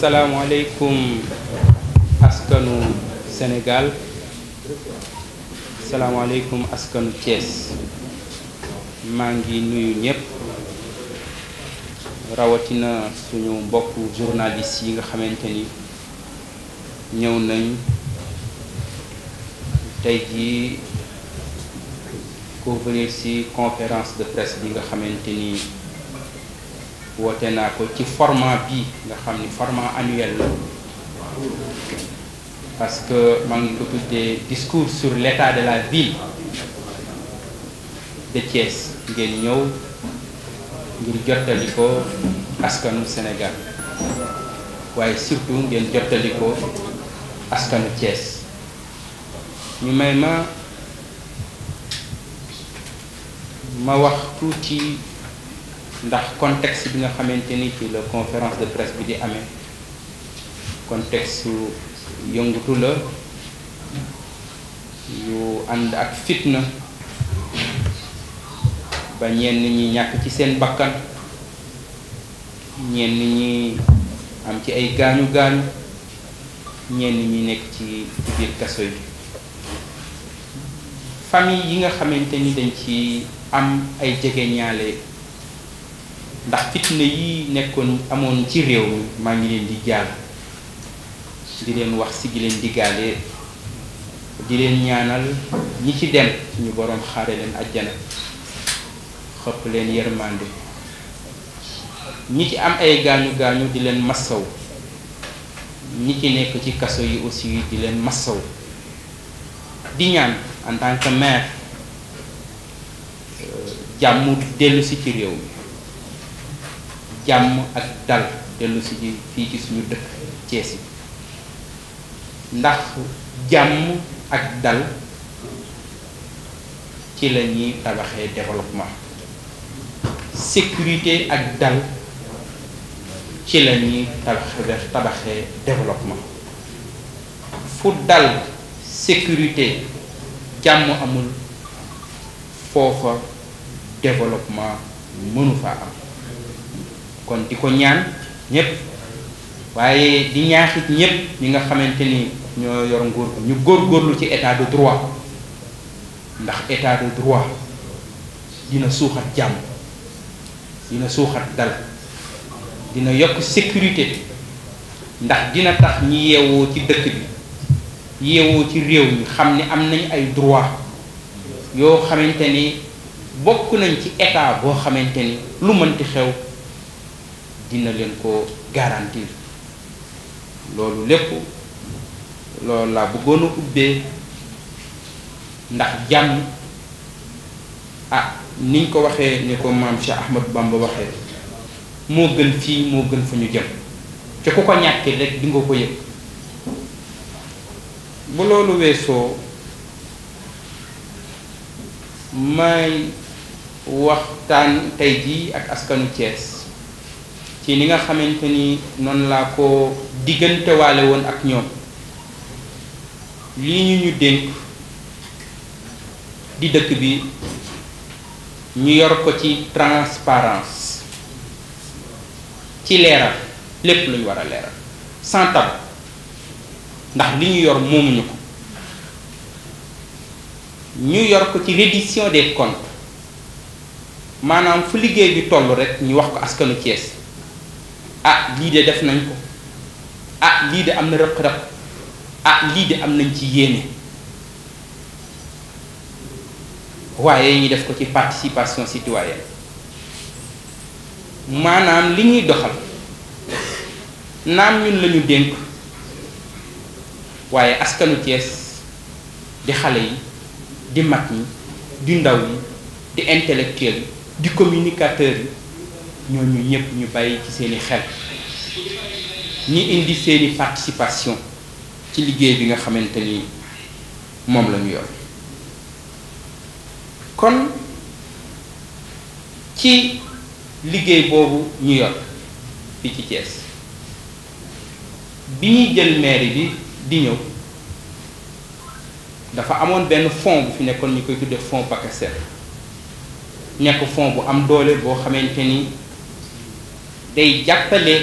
salaamaaleykum askanu Sénégal salaamaaleykum askanu Thiès maa ngi nuyu ñëpp rawatina suñu mbokku journaliste yi nga xamante ni ñëw nañ tey jii couvrir ci conférence de presse bi nga xamante ni. woote naa ko ci format bii nga xam ni format annuel la parce que maa ngi ko tuddee discours sur l'état de la ville de Thiès ngeen ñëw ngir jottali ko askanu Sénégal waaye surtout ngeen jottali ko askanu Thiès ñu may ma ma wax tuuti ndax contexte bi nga xamante ni ci la conférence de presse bi di amee contexte yëngutu la yu ànd ak fitna ba ñenn ñi ñàkk ci seen bakkan ñenn ñi am ci ay gaañu gaañu ñenn ñi nekk ci biir kaso yi famille yi nga xamante ni dañ ci am ay jege ndax fitna yi nekkoon amoon ci réew mi maa ngi leen di jàll di leen wax si di leen diggaale di leen ñaanal ñi ci dem suñu boroom xaare leen ajjana xëpp leen yërmande ñi ci am ay gaañu gaañu di leen massaw ñi ci nekk ci kaso yi aussi di leen massaw di ñaan en tant que maire euh, jàmm dellusi ci réew jàmm ak dal dellu si fii ci suñu dëkk Cees yi ndax jàmm ak dal ci la ñuy tabaxee développement sécurité ak dal ci la ñuy tabaxee tabaxee développement fu dal sécurité jàmm amul foofa développement mënu faa am kon di ko ñaan ñëpp waaye di ñaaxit ñëpp ñi nga xamante ni ñoo yor nguur ko ñu góorlu ci état de droit ndax état de droit dina suuxat jàmm dina suuxat dal dina yokk sécurité ndax dina tax ñi yeewoo ci dëkk bi yeewoo ci réew mi xam ni am nañ ay droit yoo xamante ni bokk nañ ci état boo xamante ni lu mënti xew dina leen ko garantir loolu lépp loolu laa bëggoon a ubbee ndax jàmm ah niñ ko waxee ni ko maam Cheikh Ahmadou Bamba waxee moo gën fii moo gën fu ñu jëm ci ku ko ñàkkee rek di ko yëg bu loolu weesoo may waxtaan tey jii ak askanu cees ci li nga xamante ni noonu laa ko diggantewaale woon ak ñoom lii ñu ñu dénk di dëkk bi ñu yor ko ci transparence ci leeral lépp lu ñu war a leeral sans ndax li ñu yor moomuñu ko ñu yor ko ci reddition des comptes maanaam fu liggéey bi toll rek ñu wax ko askanu Thiès ah lii de def nañ ko ah lii de am na rëq-rëq ah lii de am nañ ci yéene waaye ñu def ko ci participation citoyenne maanaam li ñuy doxal naam ñun lañu dénk waaye askanu Cees di xale yi di mag ñi di ndaw yi di intellectuel yi di communicateurs yi ñooñu ñëpp ñu bàyyi ci seeni xel ñi indi seeni participation ci liggéey bi nga xamante ni moom lañu yor kon ci liggéey boobu ñu yor fii ci Thiès bi ñuy jël mairie bi di ñëw dafa amoon benn fonds bu fi nekkoon ñu koy tuddee fonds Pacasen nekk fonds bu am doole boo xamante ni. day jàppale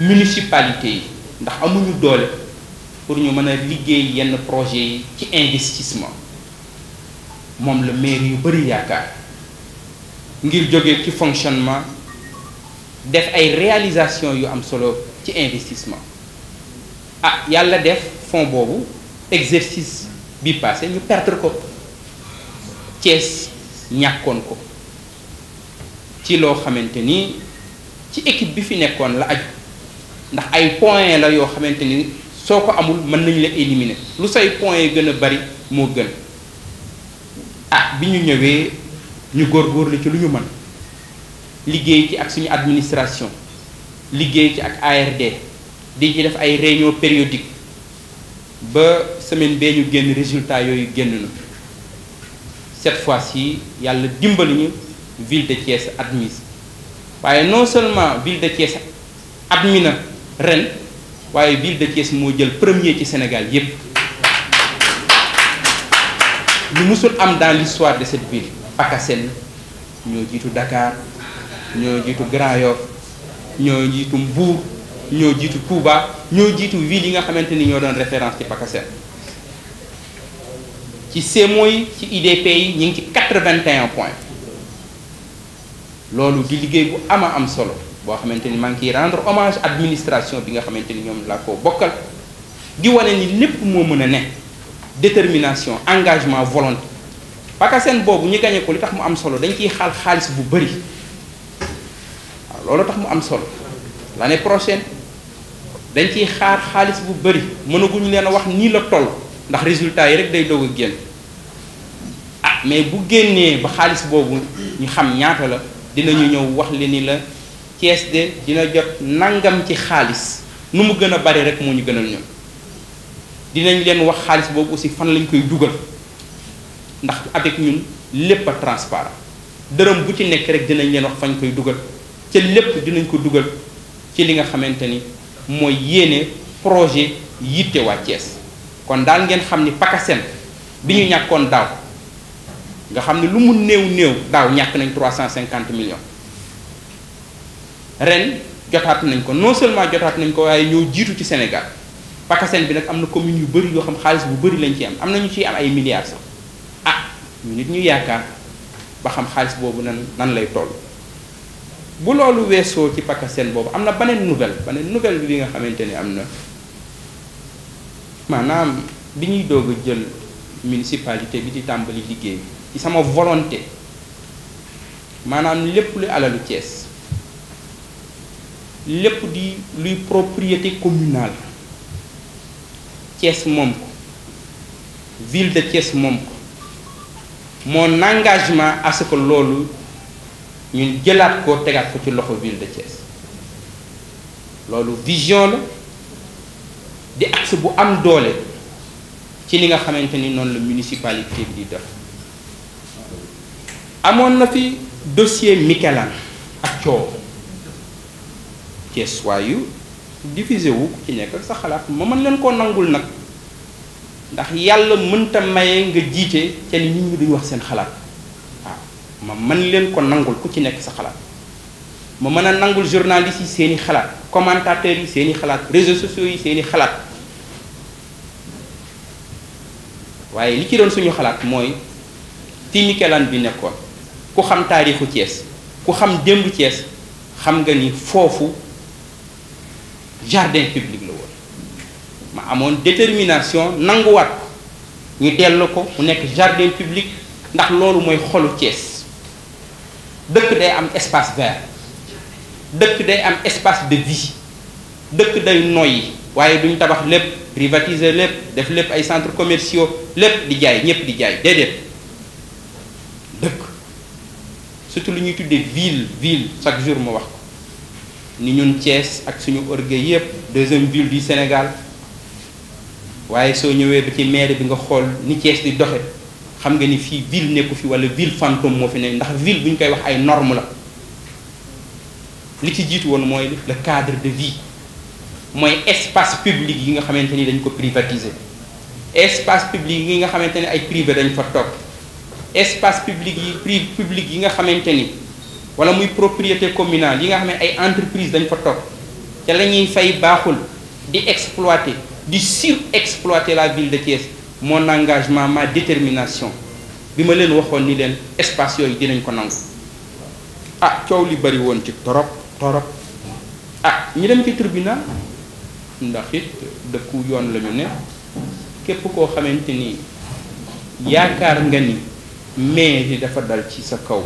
municipalité yi ndax amuñu doole pour ñu mën a liggéey yenn projet yi ci investissement moom la maire yu bëri yaakaar ngir jóge ci fonctionnement def ay réalisation yu am solo ci investissement ah yàlla def fonds boobu exercice bi passé ñu perdre ko Thiès ñàkkoon ko ci loo xamante ni ci équipe bi fi nekkoon la aju ndax ay points la yoo xamante ni soo ko amul mën nañ la éliminer lu say points yi gën a bari moo gën ah bi ñu ñëwee ñu góor góorgóorlu ci lu ñu man liggéey ci ak suñu administration liggéey ci ak ARD di ci def ay réunion périodique ba semaine bee ñu génn résultat yooyu génn na cette fois-ci yàlla dimbali ñu ville de Thiès admise waaye non seulement ville de Thiès at mi na ren waaye ville de Thiès moo jël premier ci Sénégal yépp lu musul am dans l'histoire de cette ville Pakaseen ñoo jiitu Dakar ñoo jiitu Grand Yoff ñoo jiitu Mbour ñoo jiitu Touba ñoo jiitu ville yi nga xamante ni ñoo doon référence ci Pakaseen ci CMO yi ci IDP yi ñu ngi ci quatre vingt 81 point loolu di liggéey bu ama am solo boo xamante ni maa ngi ciy rendre hommage administration bi nga xamante ni ñoom laa ko bokkal di wane ni lépp moo mën a ne détermination engagement volonté pakaseen boobu ñu gañe ko li tax mu am solo dañ ciy xaal xaalis bu bëri waaw loolu tax mu am solo l'année prochaine dañ ciy xaar xaalis bu bëri mënaguñu leen a wax nii la toll ndax résultat yi rek day doog a génn ah mais bu génnee ba xaalis boobu ñu xam ñaata la dinañu ñëw wax li ni la Thiès de dina jot nangam ci xaalis nu mu gën a bari rek moo ñu gën gënal ñun dinañ leen wax xaalis boobu aussi fan lañ koy dugal ndax avec ñun lépp a transparent dërëm bu ci nekk rek dinañ leen wax fañ koy dugal ca lépp dinañ ko dugal ci li nga xamante ni mooy yéene projet yitte waa Thiès kon daal ngeen xam ni PACASEN bi ñu ñàkkoon daaw nga xam ne lu mu néew néew daaw ñàkk nañ cinquante millions ren jotaat nañ ko non seulement jotaat nañ ko waaye ñoo jiitu ci Sénégal PACASEN bi nag am na commune yu bari yoo xam xaalis bu bëri lañ ci am am na ñu am ay milliards ah ñu nit ñu yaakaar ba xam xaalis boobu nan nan lay toll bu loolu weesoo ci PACASEN boobu am na beneen nouvelle beneen nouvelle bi nga xamante ne am na maanaam bi ñuy doog a jël municipalité bi di tàmbali liggéey ci sama volonté maanaam lépp lu alalu cees lépp di luy propriété communale Thiès moom ko ville de Thiès moom ko mon engagement à ce loolu ñun jëlaat ko tegaat ko ci loxo ville de Thiès loolu vision la di axe bu am doole ci li nga xamante ni noonu la municipalité bi di def amoon na fi dossier Mikelan ak coow Cees waay yu diffusé wu ci nekk sa xalaat ma mën leen koo nangul nag ndax yàlla mënta maye nga jiite ca ni nit ñi duñu wax seen xalaat waaw ma mën leen ko nangul ku ci nekk sa xalaat ma mën a nangul journalistes yi seeni xalaat commentateurs yi seeni xalaat réseaux sociaux yi seeni xalaat waaye li ci doon suñu xalaat mooy ti Mikelan bi nekkoon ku xam taarixu Thiès ku xam démb Thiès xam nga ni foofu jardin public la woon ma amoon détermination nanguwaat ko ñu dellu ko mu nekk jardin public ndax loolu mooy xolu Thiès dëkk day am espace vert dëkk day am espace de vie dëkk day noyyi waaye duñ tabax lépp privatiser lépp def lépp ay centres commerciaux lépp di jaay ñëpp di jaay déedéet dëkk surtout lu ñuy tuddee ville ville chaque jour ma wax ko ni ñun cees ak suñu orgueil yépp deuxième ville du Sénégal waaye soo ñëwee ba ci maire bi nga xool ni Thiès di doxe xam nga ni fii ville nekku fi wala ville fantôme moo fi ne ndax ville bu ñu koy wax ay norme la li ci jiitu woon mooy le cadre de vie mooy espace public yi nga xamante ni dañ ko privatiser espace public yi nga xamante ni ay privé dañ fa topp espace public yi pri public yi nga xamante ni wala muy propriété communale yi nga xam ne ay entreprise dañ fa toog ca la ñuy fay baaxul di exploité di exploité la ville de Thiès mon engagement ma détermination bi ma leen waxoon ni leen espace yooyu dinañ ko nangu ah coow li bari woon ci torop torop ah ñi dem ci tribunal ndax it dëkku yoon la ne képp koo xamante ni yaakaar nga nii mairie dafa dal ci sa kaw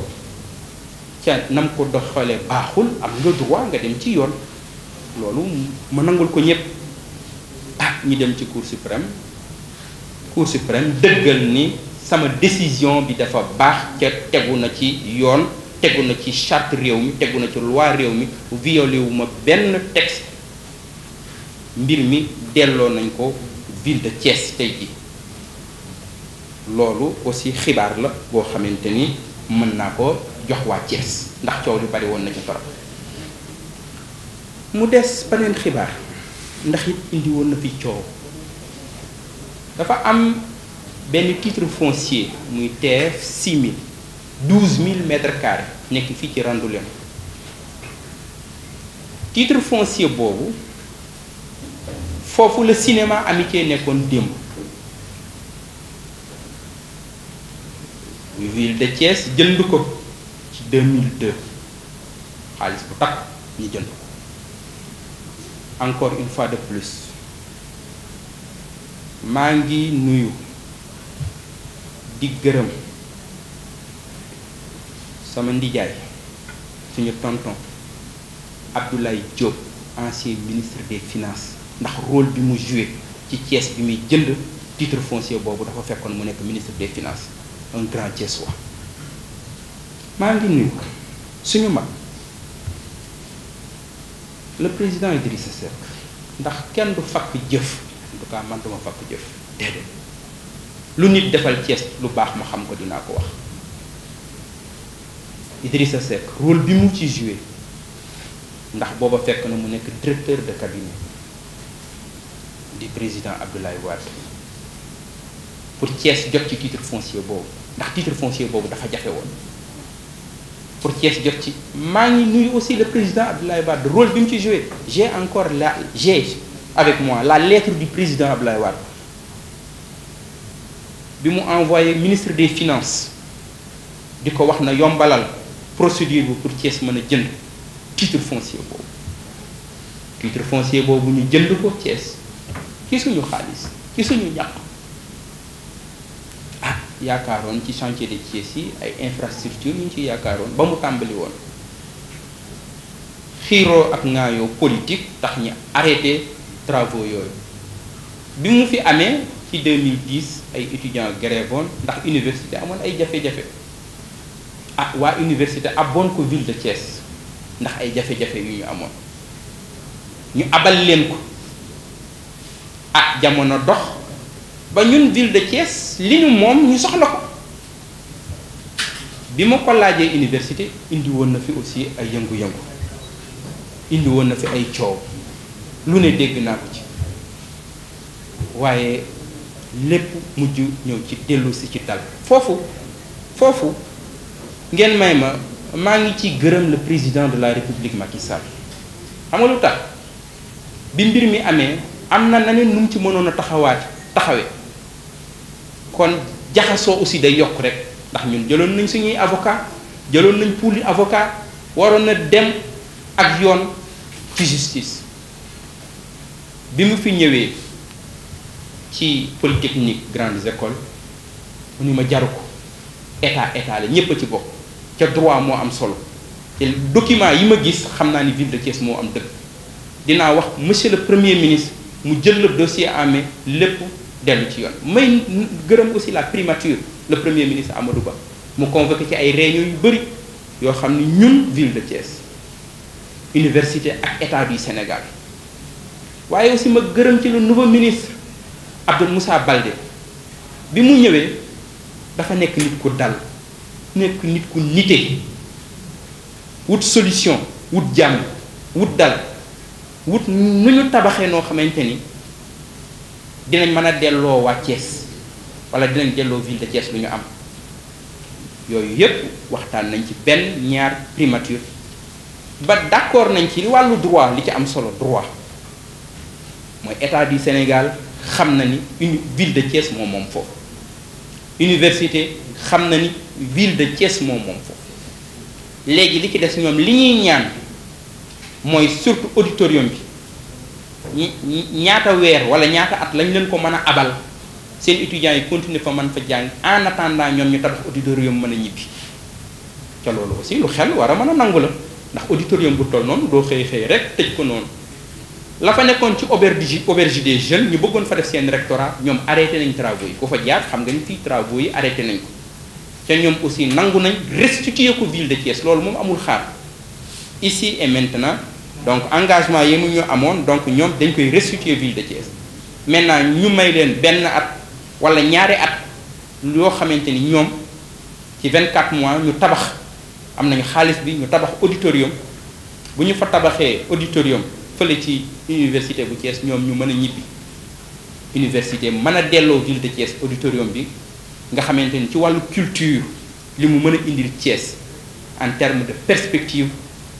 ca nam ko doxale baaxul am nga droit nga dem ci yoon loolu ma nangul ko ñëpp ah ñi dem ci cour suprême cour suprême dëggal ni sama décision bi dafa baax ca tegu na ci yoon tegu na ci charte réew mi tegu na ci loi réew mi violé wu ma benn texte mbir mi delloo nañ ko ville de Thiès tey bi loolu aussi xibaar la boo xamante ni mën naa ko jox waa Thiès ndax coow lu bari woon na ci torop mu des beneen xibaar ndax it indi woon na fi coow dafa am benn titre foncier muy TF 6000 12000 mètres carrés nekk fii ci Randoulène tiitre foncier boobu foofu la cinéma amitié nekkoon démb. ville de Thiès jënd ko ci 2002 xaalis bu takk ñu jënd ko encore une fois de plus maa ngi nuyu di gërëm sama ndijaay suñu tonton Abdoulaye Diop ancien ministre des finances ndax rôle bi mu joué ci Thiès bi muy jënd titre foncier boobu dafa fekkoon mu nekk ministre des finances un grand Thiessois maa ngi nuyu suñu mag le président Idrissa Seck ndax kenn du fakk jëf en tout cas man duma fakk jëf déedéet lu nit defal Thiès lu baax ma xam ko dinaa ko wax Idrissa Seck rôle bi mu ci joué ndax booba fekk na mu nekk directeur de cabinet di président Abdoulaye Wade pour Thiès jot ci titre foncier boobu ndax titre foncier boobu dafa jafe woon pour Thiès jot ci maa ngi nuyu aussi le président Abdoulaye Wade rôle bi mu ci joue j'ai encore la j'ai avec moi la lettre du président Abdoulaye waar bi mu envoyé ministre des finance di ko wax na yombalal procédure bi pour Thiès mën a jënd titre foncier boobu titre foncier boobu ñu jënd ko Thiès ki suñu xaalis ki suñu ñàkk yaakaaroon ci chantier de Thiès yi ay infrastructure yu ñu ci yaakaaroon ba mu tàmbali woon xiiro ak ngaayoo politique tax ñi arrêté travaux yooyu bi mu fi amee ci 2010 ay étudiants grévoon ndax université amoon ay jafe-jafe ah waa université abboon ko ville de Thiès ndax ay jafe-jafe yu ñu amoon ñu abal leen ko ah jamono dox ba ñun ville de Thiès li ñu moom ñu soxla ko bi ma ko laajee université indi woon na fi aussi ay yëngu-yëngu indiwoon na fi ay coow lu ne dégg naa ko ci waaye lépp mujj ñëw ci dellu ci dal foofu foofu ngeen may ma maa ngi ciy gërëm le président de la république Macky Sall xam nga lu tax bi mbir mi amee am na na ne nu ci mënoon a taxawaat taxawe kon jaxasoo aussi day yokk rek ndax ñun jëloon nañ suñuy avocat jëloon nañ pooli avocat waroon na dem ak yoon ci justice bi mu fi ñëwee ci polytechnique grandes écoles mu ni ma jaru ko état état la ñépp a ci bokk ca droit moo am solo te document yi ma gis xam naa ni ville de Thiès moo am dëgg dinaa wax monsieur le premier ministre mu jël le dossier en main lépp dellu ci yoon may gërëm aussi la primature le premier ministre Amadou Ba mu convoqué ci ay réunions yu bëri yoo xam ni ñun ville de Thiès université ak état du Sénégal waaye aussi ma gërëm ci le nouveau ministre Abdou Moussa Baldé bi mu ñëwee dafa nekk nit ku dal nekk nit ku nite wut solution wut jàmm wut dal wut nu ñu tabaxee noo xamante ni. dinañ mën a delloo waa Thiès wala dinañ delloo ville de Thiès lu ñu am yooyu yépp waxtaan nañ ci benn ñaar primature ba d'accord nañ ci wàllu droit li ci am solo droit mooy état du Sénégal xam na ni une ville de Thiès moom moom foofu université xam na ni ville de Thiès moom moom foofu léegi li ci des ñoom li ñuy ñaan mooy surtout auditorium bi ñi ñaata weer wala ñaata at lañ leen ko mën a abal seen étudiants yi continuer fa mën fa jàng en attendant ñoom ñu tabax auditorium mën a ñibbi ca loolu aussi lu xel war a mën a nangu la ndax auditorium bu toll noonu doo xëy xëy rek tëj ko noonu la fa nekkoon ci auberge auberge des jeunes ñu bëggoon fa def seen rectorat ñoom arrêté nañ travaux yi ku fa jaar xam nga ñu fii travaux yi arrêté nañ ko ca ñoom aussi nangu nañ restituer ko ville de Thiès loolu moom amul xaar ici maintenant donc engagement yi mu ñu amoon donc ñoom dañ koy restituer ville de Thiès maintenant ñu may leen benn at wala ñaari at yoo xamante ni ñoom ci 24 mois ñu tabax am nañu xaalis bi ñu tabax auditorium bu ñu fa tabaxee auditorium fële ci université bu Thiès ñoom ñu mën a ñibbi université mën a delloo ville de Thiès auditorium bi nga xamante ni ci wàllu culture li mu mën a indil Thiès en terme de perspective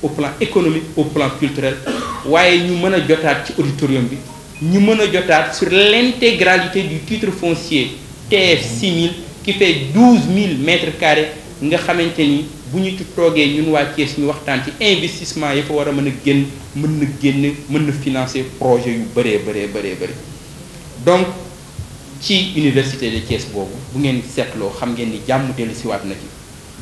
au plan économique au plan culturel waaye ñu mën a jotaat ci auditorium bi ñu mën a jotaat sur l'intégralité du titre foncier TF 6000 qui fait 12000 mètres carrés nga xamante ni bu ñu ci toogee ñun waa Thiès ñu waxtaan ci investissement ya fa war a mën a génn mën na génn mën na financer projet yu bëree bëree bëree bëri donc ci université de Thiès boobu bu ngeen seetloo xam ngeen ni jàmm dellu siwaat na ci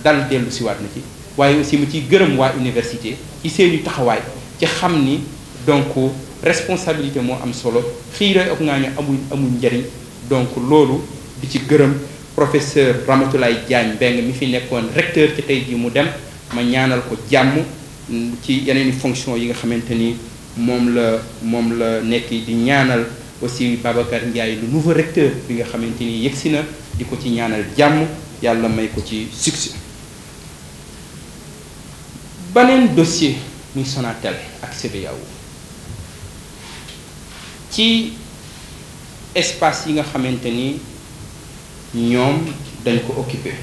dal dellu siwaat na ci waaye aussi mu ciy gërëm waa université ci seen i taxawaay ci xam ni donc responsabilité moo am solo xiiro ak ngaa ñu amul amul njariñ donc loolu di ci gërëm professeur Ramatoulaye Diagne Mbengue mi fi nekkoon recteur ci tey jii mu dem ma ñaanal ko jàmm ci yeneen fonction yi nga xamante ni moom la moom la nekk di ñaanal aussi Babacar Ndiaye le nouveau recteur bi nga xamante ni yegsi na di ko ci ñaanal jàmm yàlla may ko ci succès beneen dossier muy Sonatel ak CBAO ci espace yi nga xamante ni ñoom dañ ko occupé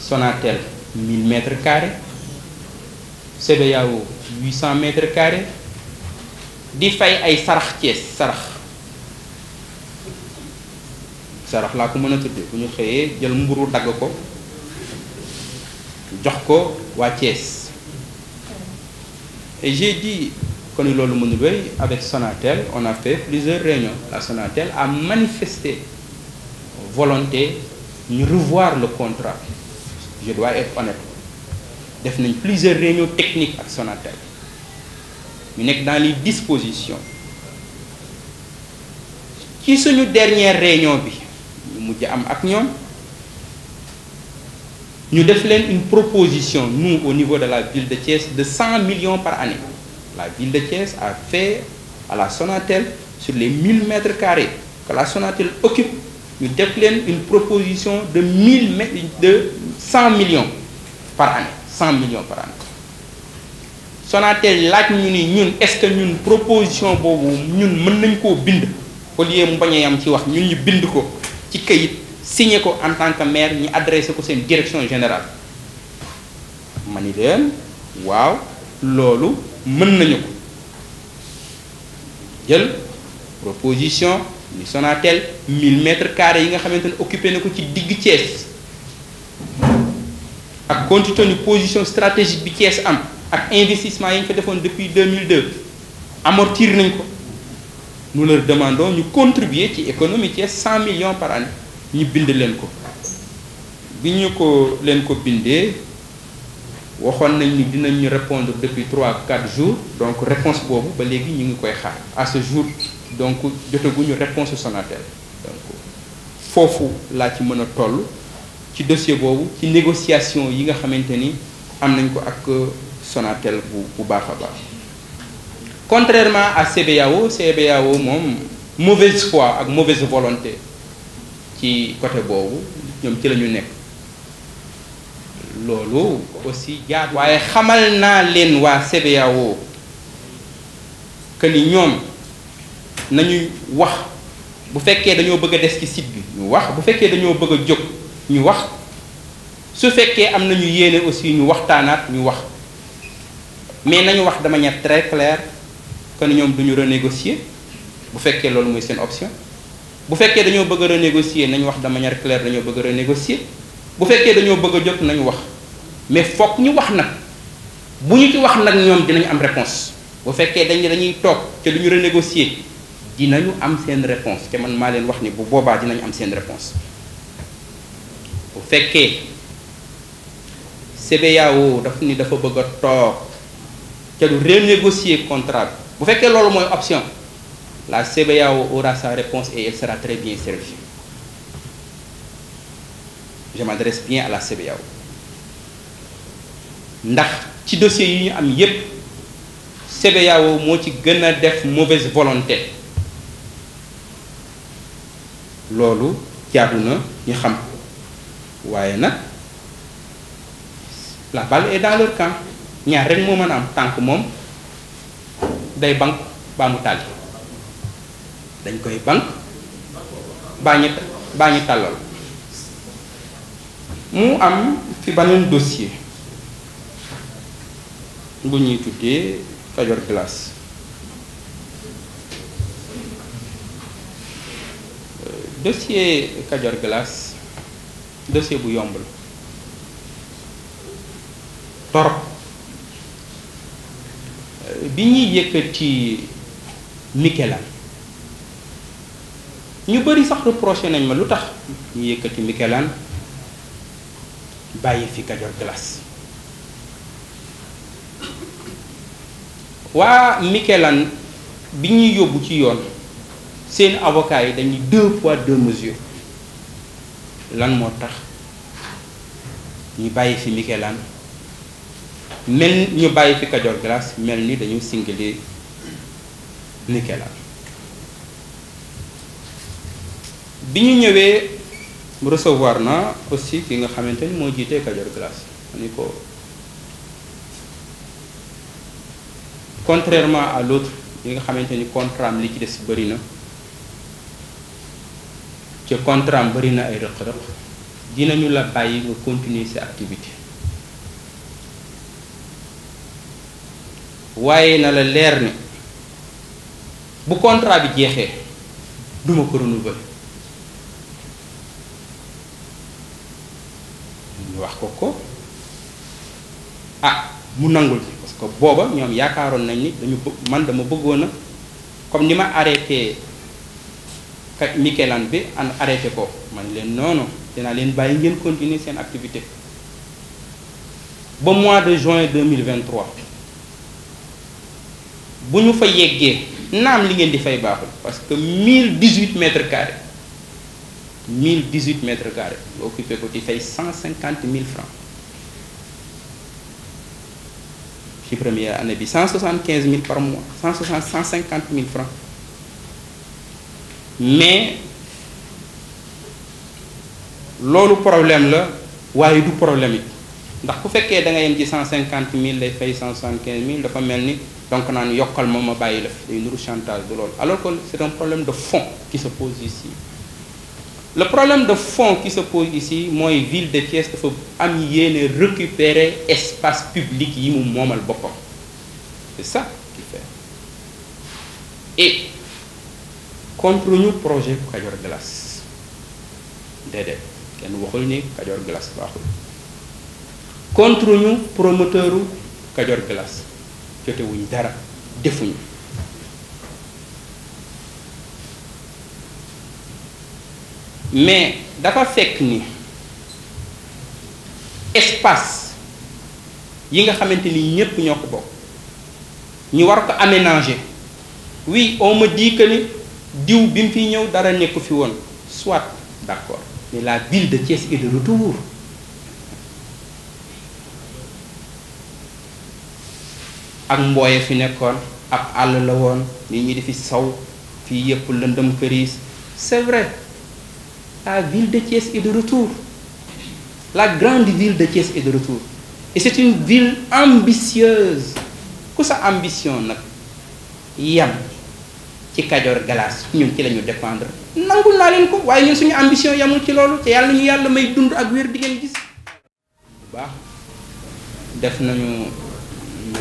Sonatel 1000 mètres carrés CBAO 800 mètres carrés di fay ay sarax Thiès sarax sarax laa ko mën a tuddee bu ñu xëyee jël mburu dagg ko. jox ko waa Thiès et j'ai dit que loolu mënul wéy avec Sonatel on a fait plusieurs réunions la Sonatel a manifesté volonté ñu revoir le contrat je dois être honnête def nañ plusieurs réunions techniques ak Sonatel ñu nekk dans li disposition ci suñu dernière réunion bi ñu mujj am ak ñoom ñu def leen une proposition nous au niveau de la ville de Thiès de 100 millions par année la ville de Thiès a fait à la Sonatel sur les 1000 mètres carrés que la ñu def leen une proposition de 1000 mètres de 100 millions par année 100 millions par année Sonatel laaj ñu ni ñun est-ce ñun proposition boobu ñun mën nañ koo bind au lieu mu bañ a ci wax ñu ñu bind ko ci kayit signé ko en tant que maire ñu adressé ko seen direction générale ma waaw loolu mën nañu ko jël proposition ni Sonatel 1000 mètres carrés yi nga xamante ne occupé na ko ci digg Thiès ak compte tenu position stratégique bi Thiès am ak investissement yi fa defoon depuis 2002 amortir nañ ko nous leur demandons ñu contribuer ci économie Thiès cent million par année ñu bind leen ko bi ñu ko leen ko bindee waxoon nañ ni dinañ ñu répondre depuis trois quatre jours donc réponse boobu ba léegi ñu ngi koy xaar à ce jour donc jotaguñu réponse Sonatel donc foofu laa ci mën a toll ci dossier boobu ci négociation yi nga xamante ni am nañ ko ak euh, Sonatel bu bu baax a baax contrairement à CBAO CBAO moom mauvaise foi ak mauvaise volonté ci côté boobu ñoom ci la ñu nekk loolu aussi jaat waaye xamal naa leen waa CBAO que ni ñoom nañuy wax bu fekkee dañoo bëgg a des ci sit bi ñu wax bu fekkee dañoo bëgg a jóg ñu wax su fekkee am nañu yéene aussi ñu waxtaanaat ñu wax mais nañu wax dama manière très claire que ni ñoom duñu renégocier bu fekkee loolu mooy seen option bu fekkee dañoo bëgg a renégocier nañ wax de manière claire dañoo bëgg a renégocier bu fekkee dañoo bëgg a jot nañ wax mais foog ñu wax nag bu ñu ci wax nag ñoom dinañ am réponse bu fekkee dañ dañuy toog ca du ñu renégocier dinañu am seen réponse te man maa leen wax ni bu boobaa dinañ am seen réponse bu fekkee CBAO daf ni dafa bëgg a toog ca du renégocier contrat bi bu fekkee loolu mooy option La CBAO aura sa réponse et elle très bien servie. Je m'adresse bien à la CBAO. ndax ci dossier yi ñu am yépp CBAO moo ci gën a def mauvaise volonté loolu jaadu na ñu xam waaye nag la balle est dans leur camp ñaar rek moo mën a am tànk moom day bank baa mu tàlli dañ koy bank baañu baañu tàllal mu am fi beneen dossier bu ñuy tuddee Kajoor Glace dossier Kajoor Glace dossier bu yomb la torop bi ñuy yëkkati Mikelan ñu bëri sax reproché nañ ma lu tax ñu yëkkati Mikelaan bàyyi fi Kajoor Glace waa Mikelaan bi ñuy yóbbu ci yoon seen avocat yi dañuy deux poids deux mesures lan moo tax ñu bàyyi fi Mikelaan mel ñu bàyyi fi Kajoor Glace mel ni dañu singale Mikelaan bi ñu ñëwee recevoir na aussi ki nga xamante ni moo jiitee Kajoor Glace ma ni ko contrairement à l'autre yi nga xamante ni contrat li ci des bëri na ci contrat am na ay rëq-rëq dinañu la bàyyi nga continuer sa activité waaye na la leer ne bu contrat bi jeexee duma ko renouveler wax ko ko ah mu nangul ci parce que booba ñoom yaakaaroon nañ ni dañu bëgg man dama bëggoon a comme ni ma arrêté ka Mikelan bi an arrêté ko man leen noonu dinaa leen bàyyi ngeen continuer seen activité ba mois de juin 2023 bu ñu fa yeggee am li ngeen di fay baaxul parce que 1018 mètres carrés 1018 mètres carrés nga occupé ko ci fay cinquante mille francs ci première année bi 175 000 par mois cent 150 000 francs mais loolu problème la waaye du problème it ndax ku fekkee da nga yem ci 150 000 lay fay 175 000 dafa mel ni donc naan yokkal ma ma bàyyi la fi day nuru chantage du loolu alors que c'est un problème de fond qui se pose ici. le problème de fond qui se pose ici mooy ville de Thiès dafa am yéene récupérer espace public yi mu moomal boppam c'est ça qu'il fait et contre ñu projet Kajoor Glace déedéet kenn waxul ni Kajoor Glace baaxul contre ñu promoteur u Kajoor Glace jotewuñ dara defuñu mais dafa fekk ni espace yi nga xamante ni ñépp ñoo ko bokk ñu war ko aménager oui on me que ni diw bi mu fi ñëw dara nekku fi woon soit d'accord mais la ville de Thiès est de retour ak mbooye fi nekkoon ab àll la woon nit ñi di fi sow fii yëpp lëndëm këriis c'est vrai la ville de Thiès est de retour. La grande ville de Thiès est de retour. Et c'est une ville ambitieuse. ku sa ambition nag yam ci Kajoor Galaas ñu ci lañu dépendre nangul naa leen ko waaye ñun suñu ambition yamul ci loolu te yàlla ñu yàlla may dund ak wér di ngeen gis bu baax def nañu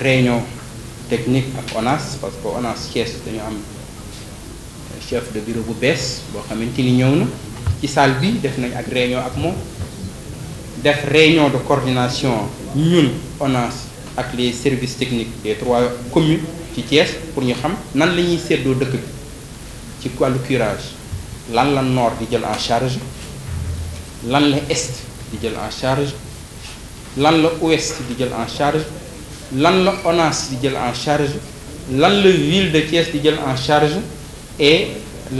réunion technique ak ONAS parce que ONAS Thiès dañu am chef de bureau bu bees boo xamante ni ñëw na ci saal bi def nañ ak réunion ak moom def réunion de coordination ñun ONAS ak les services techniques des trois communes ci Thiès pour ñu xam nan la ñuy séddoo dëkk bi ci wàllu curage lan la nord di jël en charge lan la est di jël en charge lan la ouest di jël en charge lan la ONAS di jël en charge lan la ville de Thiès di jël en charge et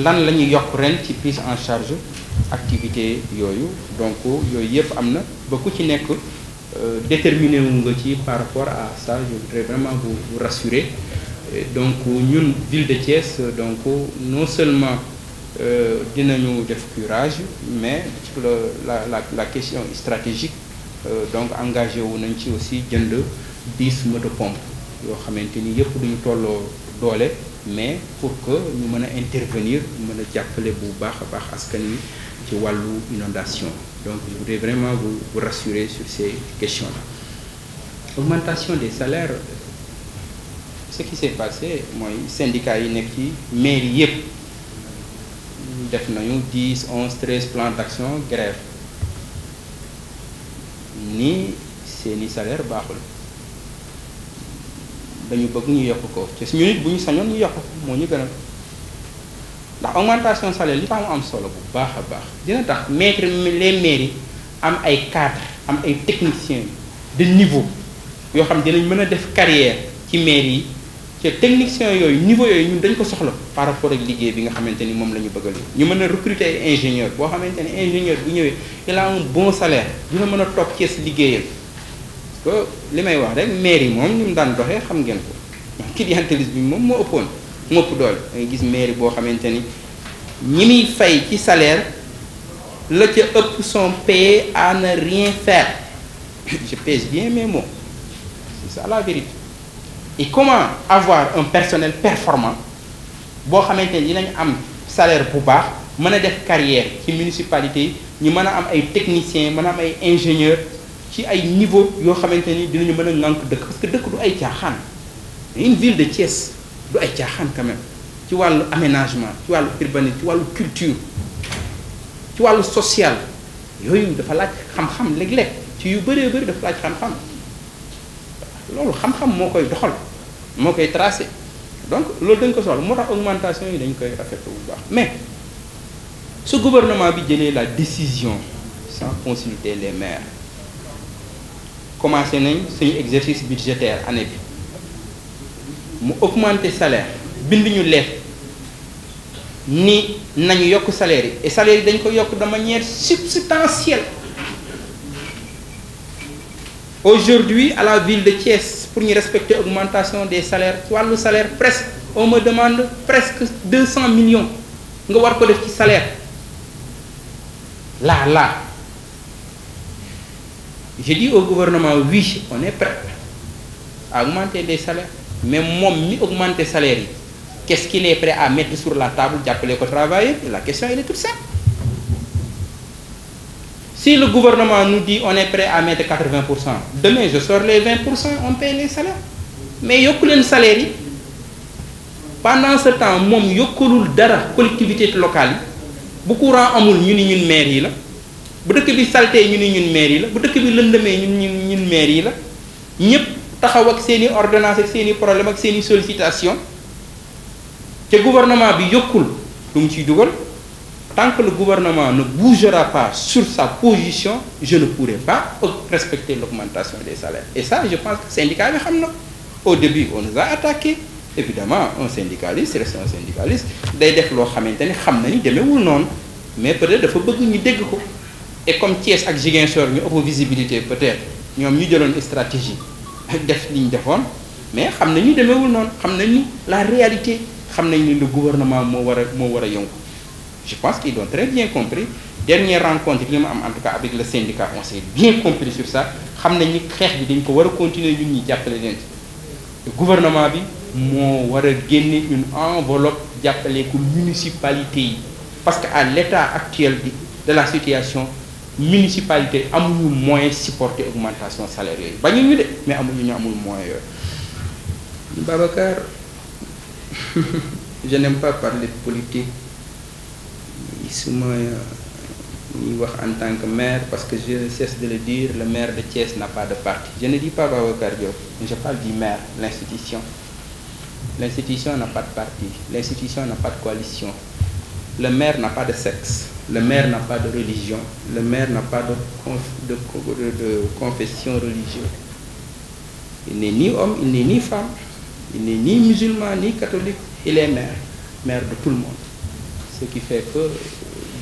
lan la ñuy yokk ren ci prise en charge activité yooyu donc yooyu yëpp am na ba ku ci nekk euh, déterminé wu nga ci par rapport à ça je voudrais vraiment vous, rassurer donc ñun ville de Thiès donc non seulement euh, dinañu def curage mais sur la la la question stratégique euh, donc engagé wu nañ ci aussi jënd bis moto pompe yoo xamante ni yëpp duñu tolloo doole mais pour que ñu mën a intervenir mën a jàppale bu baax a baax askan wi ci wàllu inondation donc je voudrais vraiment vous, vous rassurer sur ces questions-là augmentation des salaire ce qui s'est passé mooy syndicat yi nekk ci maire yëpp def nañu 10 11 13 plans d'action grève ni seeni salaire baaxul dañu bëgg ñu yokk ko ci suñu nit bu ñu sañoon ñu yokk moo ñu gënal ndax augmentation salaire li tax am am solo bu baax a baax dina tax maître les maires yi am ay cadres am ay techniciens de niveau yoo xam dinañ mën a def carrière ci maire yi te techniciens yooyu niveau yooyu ñun dañ ko soxla par rapport ak liggéey bi nga xamante ni moom la ñu bëggal ñu mën a recruter ay ingénieur boo xamante ni ingénieur bu ñëwee il a un bon salaire dina mën a toog ci liggéeyam ko li may wax rek maire yi moom ñu mu daan doxee xam ngeen ko clientélisme bi moom moo ëppoon moo ëpp doole da gis mairie boo xamante ni ñi muy fay ci salaire la ca ëpp sont payés à ne rien faire je bien mes mots c'est ça la vérité i comment avoir un personnel performant boo xamante ni dinañ am salaire bu baax mën a def carrière ci municipalité yi ñu mën a am ay techniciens mën a am ay ingénieurs ci ay niveau yoo xamante ni dinañu mën a ŋànk dëkk parce que dëkk du ay caaxaan une ville de Thiès. du ay caaxaan quand ci wàllu aménagement ci wàllu urbanisme ci wàllu culture ci wàllu social yooyu dafa laaj xam-xam léeg-léeg ci yu bëree bëri dafa laaj xam-xam loolu xam-xam moo koy doxal moo koy tracé donc loolu dañ ko soxla moo tax augmentation yi dañ koy rafetlu bu baax mais su gouvernement bi jëlee la décision sans consulter les maires commencé nañ suñu exercice budgétaire année bi mu augmenter salaire bind ñu leef ni nañu yokk salaire yi et salaire yi dañ ko yokk de manière substantielle aujourd'hui à la ville de Thiès pour ñu respecter augmentation des salaires wàllu salaire presque on me demande presque deux cent millions nga war ko def ci salaire là là je dis au gouvernement oui on est prêt à augmenter les salaires mais moom mi augmenter salaire yi qu'est-ce qu'il est prêt à mettre sur la table jàppale ko travailler la question elle est toute simple si le gouvernement nous dit on est prêt à mettre 80 pour cent demain je sors les 20 pour cent on paye les salaires mais yokk leen salaire yi pendant ce temps moom yokkalul dara collectivité locale yi bu courant amul ñu ni ñun maire yi la bu dëkk bi saltee ñu ni ñun maire yi la bu dëkk bi lëndëmee ñun ñun ñun maire yi la ñëpp taxaw ak seeni i ordonnance ak seen problème ak seeni i sollicitation te gouvernement bi yokkul lu mu ciy dugal tant que le gouvernement ne bougera pas sur sa position je ne pourrai pas respecter l'augmentation des salaires et ça je pense que syndicat bi xam na au début on nous a attaqué évidemment un syndicaliste reste un syndicaliste day def loo xamante ni xam na ni demeewul noonu mais peut-être dafa bëgg ñu dégg ko et comme Thiès ak Ziguinchor ñu ëpp visibilité peut-être ñoom ñu jëloon stratégie def li ñu defoon mais xam na ñu demeewul noonu xam nañ ni la réalité xam nañ ni le gouvernement moo war a moo war a yëngu je pense qu'ils ont très bien compris dernière rencontre li ma am en tout cas avec le syndicat on s'est bien compris sur sa xam na ni xeex bi dañ ko war a continuer ñun ñuy jàppale leen ci gouvernement bi moo war a génne une enveloppe jàppale ko municipalité yi parce que à l'état actuel bi de la situation municipalité amuñu moyen supporter augmentation salaire yooyu bañu ñu de mais amuñu ñu lu moyen yooyu Babacar je n'aime pas parler de politique suma euh, ñuy wax en tant que maire parce que je cesse de le dire le maire de Thiès n'a pas de parti je ne dis pas Babacar Diop mais je parle du maire l'institution l'institution n'a pas de parti l'institution n'a pas de coalition le maire n'a pas de sexe Le maire n'a pas de religion, le maire n'a pas de, conf, de, de confession religieuse. Il n'est ni homme, il n'est ni femme, il n'est ni musulman, ni catholique, il est maire, maire de tout le monde. Ce qui fait que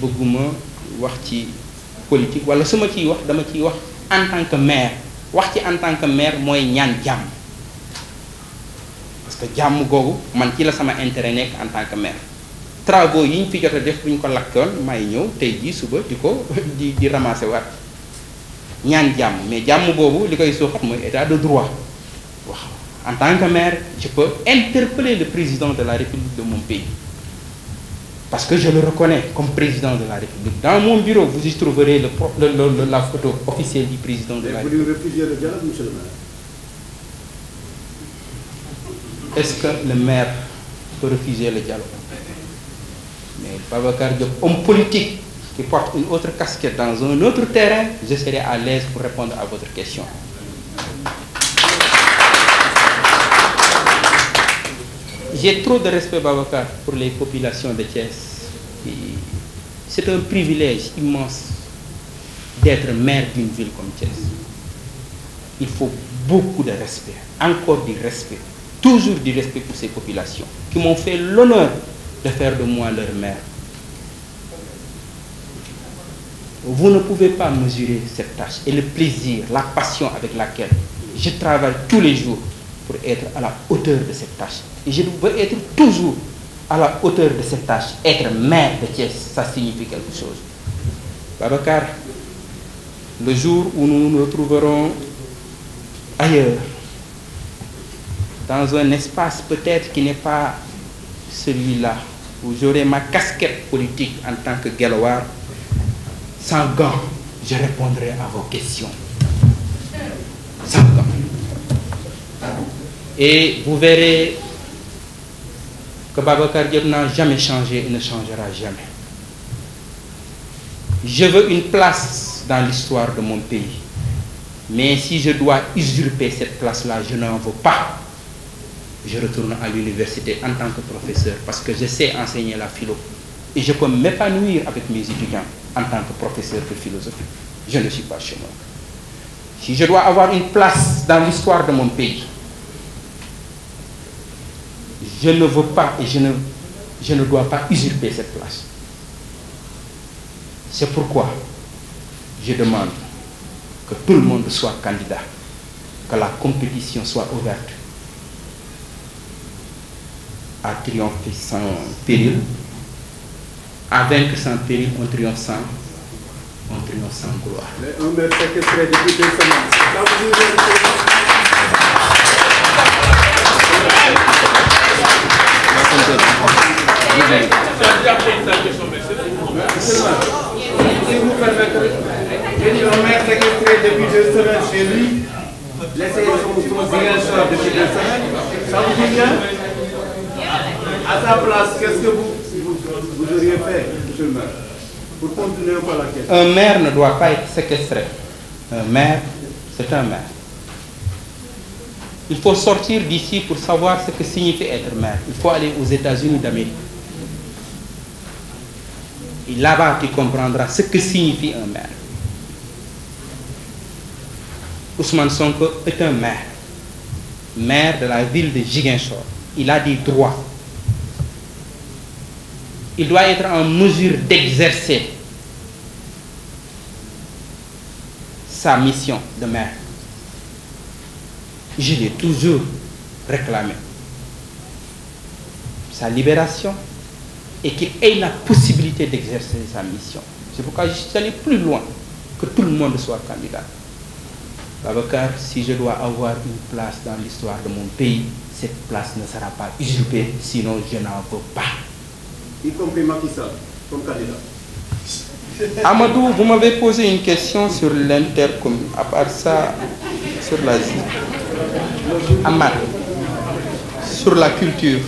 bëgguma wax ci politique wala su ma ciy wax dama ciy wax en tant que maire wax ci en tant que maire mooy ñaan jàmm parce que jàmm googu man ci la sama intérêt nekk en tant que maire. travaux yi ñu fi jot a def bu ñu ko lakkoon may ñëw tey jii suba di ko di di ramasser waat ñaan jàmm mais jàmm boobu li koy suuxat mooy état de droit waaw en tant que maire je peux interpeller le président de la république de mon pays parce que je le reconnais comme président de la république dans mon bureau vous y trouverez le, la photo officielle du président de mais la république vous est-ce que le maire peut refuser le dialogue mais Babacar Diop homme politique qui porte une autre casquette dans un autre terrain je serai à l'aise pour répondre à votre question j'ai trop de respect Babacar pour les populations de Thiès c'est un privilège immense d'être maire d'une ville comme Thiès il faut beaucoup de respect encore du respect toujours du respect pour ces populations qui m'ont fait l'honneur de faire de moi leur mère. Vous ne pouvez pas mesurer cette tâche et le plaisir, la passion avec laquelle je travaille tous les jours pour être à la hauteur de cette tâche. Et je veux être toujours à la hauteur de cette tâche. Être maire de Thiès, ça signifie quelque chose. Babacar, le jour où nous nous retrouverons ailleurs, dans un espace peut-être qui n'est pas celui-là, où j'aurai ma casquette politique en tant que Guelwaar, sans gants, je répondrai à vos questions. Sans gants. Et vous verrez que Babacar Diop n'a jamais changé ne changera jamais. Je veux une place dans l'histoire de mon pays. Mais si je dois usurper cette place-là, je n'en veux pas. je retourne à l'université en tant que professeur parce que je sais enseigner la philo et je peux m'épanouir avec mes étudiants en tant que professeur de philosophie. Je ne suis pas chez moi. Si je dois avoir une place dans l'histoire de mon pays, je ne veux pas et je ne, je ne dois pas usurper cette place. C'est pourquoi je demande que tout le monde soit candidat, que la compétition soit ouverte à triompher sans péril, à vaincre sans péril, on triomphe sans, on triomphe sans gloire. Si vous permettez, j'ai dit au maire secrétaire depuis deux semaines chez lui, laissez son, son signal depuis deux semaines. Ça vous dit bien à sa place, qu'est-ce que vous, vous, vous, la question. Un maire ne doit pas être séquestré. Un maire, c'est un maire. Il faut sortir d'ici pour savoir ce que signifie être maire. Il faut aller aux États-Unis d'Amérique. Et là-bas, tu comprendras ce que signifie un maire. Ousmane Sonko est un maire, maire de la ville de Giguinchor. Il a des droits il doit être en mesure d'exercer sa mission de maire. Je l'ai toujours réclamé. Sa libération et qu'il ait la possibilité d'exercer sa mission. C'est pourquoi je suis plus loin, que tout le monde soit candidat. Babacar, si je dois avoir une place dans l'histoire de mon pays, cette place ne sera pas usurpée, sinon je n'en veux pas. y compris Macky Sall comme Amadou, vous m'avez posé une question sur l'intercommune, à part ça, sur la Amad, sur la culture.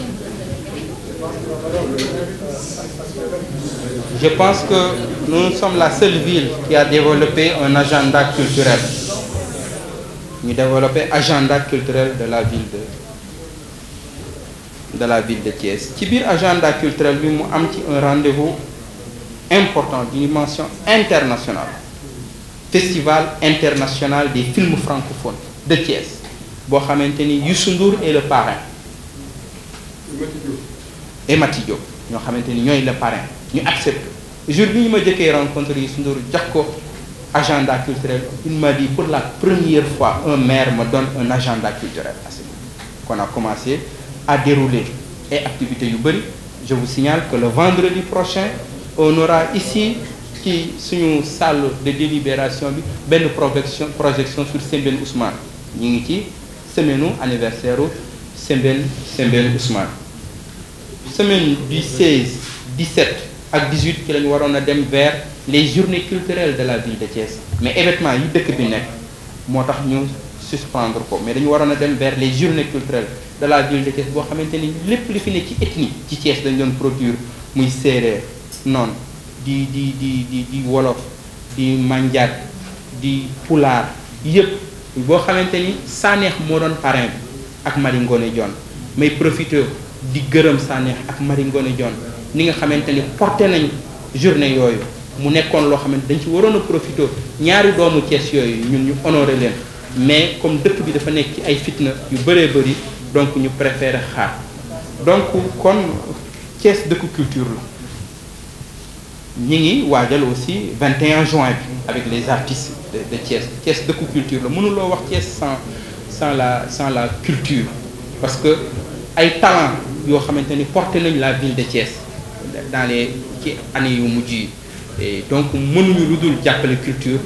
Je pense que nous sommes la seule ville qui a développé un agenda culturel. Nous développé agenda culturel de la ville de de la ville de Thiès ci biir agenda culturel bi mu am ci un rendez-vous important d'une dimension internationale festival international des films francophones de Thiès boo xamante ni Youssou Ndour est le parrain et Mati ñoo xamante ni ñooy le parrain ñu accepte jour bi ñu ma jëkkee rencontre Youssou Ndour jox ko agenda culturel il m'a dit pour la première fois un maire ma donne un agenda culturel à qu'on a commencé a déroulé ay activités yu bëri je vous signale que le vendredi prochain on aura ici ci suñu salle de délibération bi benn projection projection sur Sembène Ousmane ñu ngi ci semaine anniversaire u Sembène Sembène Ousmane semaine du 16 17 ak 18 ki la ñu waroon a dem vers les journées culturelles de la ville de Thiès mais événement yi dëkk bi nekk moo tax ñu suspendre ko mais dañu waroon a dem vers les journées culturelles de la ville de Thiès boo xamante ni lépp li fi ne ci ethnie ci Thiès dañ doon produire muy séeréer noonu di di di di di wolof di manjaat di pulaar yëpp boo xamante ni Sanex moo doon parrain ak Marie Ngoné Dione may profité di gërëm Sanex ak Marie Ngoné Dione ni nga xamante ni porté nañu journée yooyu mu nekkoon loo xamante dañ ci waroon a profité ñaari doomu Thiès yooyu ñun ñu honoré leen mais comme dëkk bi dafa nekk ci ay fitna yu bëree bëri donc ñu préféré xaar donc kon Thiès dëkku culture la ñu ngi waajal aussi 21 juin bi avec les artistes de Thiès Thiès dëkku culture la mënuloo wax Thiès sans sans la sans la culture parce que ay talent yoo xamante ni porté nañ la ville de Thiès dans les ci années yu mujj yi et donc mënuñu lu dul jàppale culture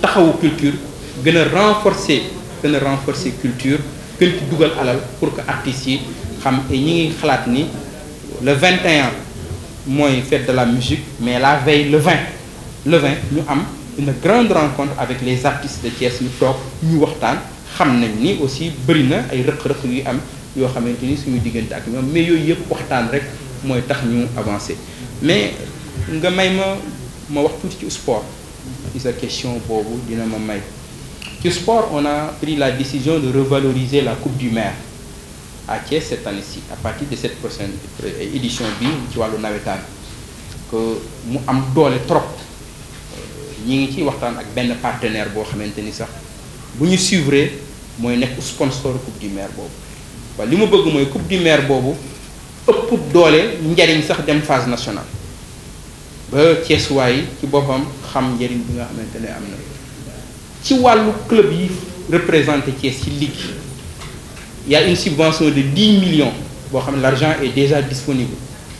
taxawu culture gën a renforcer gën a renforcer culture gën ci dugal alal pour que artistes yi xam et ñi ngi xalaat ni le 21 mooy fête de la musique mais la veille le 20 le 20 ñu am une grande rencontre avec les artistes de Thiès ñu toog ñu waxtaan xam nañ ni aussi bëri na ay rëq-rëq yu am yoo xamante ni suñu diggante ak ñoom mais yooyu yëpp waxtaan rek mooy tax ñu avancer mais nga may ma ma wax tuuti ci sport. ci sa question boobu dina ma may. Du sport, on a pris la décision de revaloriser la Coupe du Maire à Thiès cette année-ci à partir de cette prochaine édition bi ci wàllu nawetaan que mu am doole trop euh, ñi ngi ciy waxtaan ak benn partenaire boo xamante ni sax bu ñu suivre mooy nekk sponsor Coupe du Maire boobu waaw li ma bëgg mooy Coupe du Maire boobu ëpp doole njariñ sax dem phase nationale ba Thiès waay ci boppam xam njariñ bi nga xamante ne am na ci wàllu club yi représenté Thiès ci ligue y a une subvention de 10 millions boo xam ne l'argent est déjà disponible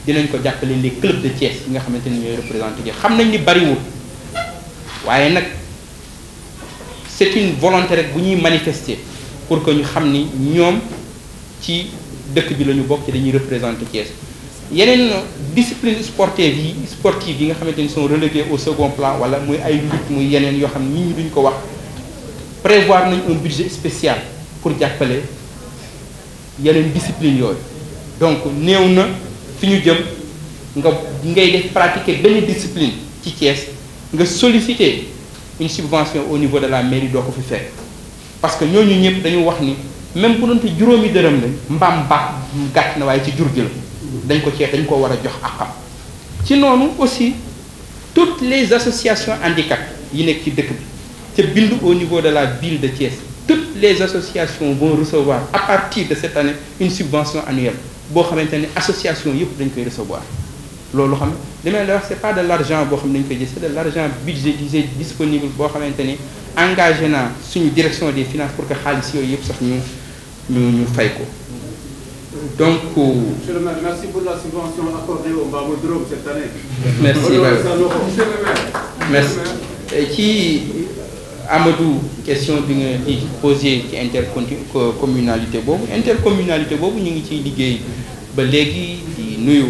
dinañ ko jàppale les clubs de Thiès yi nga xamante ni ñooy représenté Thiès xam nañ ni bariwul waaye nag c'est une volonté rek bu ñuy manifester pour que ñu xam ni ñoom ci dëkk bi lañu bokk ci dañuy représenté Thiès yeneen discipline sportive yi sportive yi nga xamante ni sont reléguées au second plan wala muy ay lutte muy yeneen yoo xam ni ñi duñ ko wax prévoir nañ un budget spécial pour jàppale yeneen discipline yooyu donc néew na fi ñu jëm nga ngay def pratiquer benn discipline ci Thiès nga solliciter une subvention au niveau de la mairie doo ko fi fekk parce que ñooñu ñëpp dañu wax ni même bu doonte juróomi dërëm lañ mbaam baax gàtt na waaye ci jur gi la dañ ko cee dañ ko war a jox àqam ci noonu aussi toutes les associations handicap yi nekk ci dëkk bi ca bindu au niveau de la ville de Thiès toutes les associations vont recevoir à partir de cette année une subvention annuelle boo xamante ne association yëpp dañ koy recevoir loolu xam li may la wax c'est pas de l'argent boo xam ne dañ koy jël c'est de l'argent budgétisé disponible boo xamante ni engagé naa suñu direction des finance pour que xaalis yooyu yëpp sax ñu ñu ñu fay ko donc. Euh, monsieur le maire merci pour ci euh, Amadou question bi nga posé ci intercommunalité boobu intercommunalité boobu ñu ngi ciy liggéey ba léegi di nuyu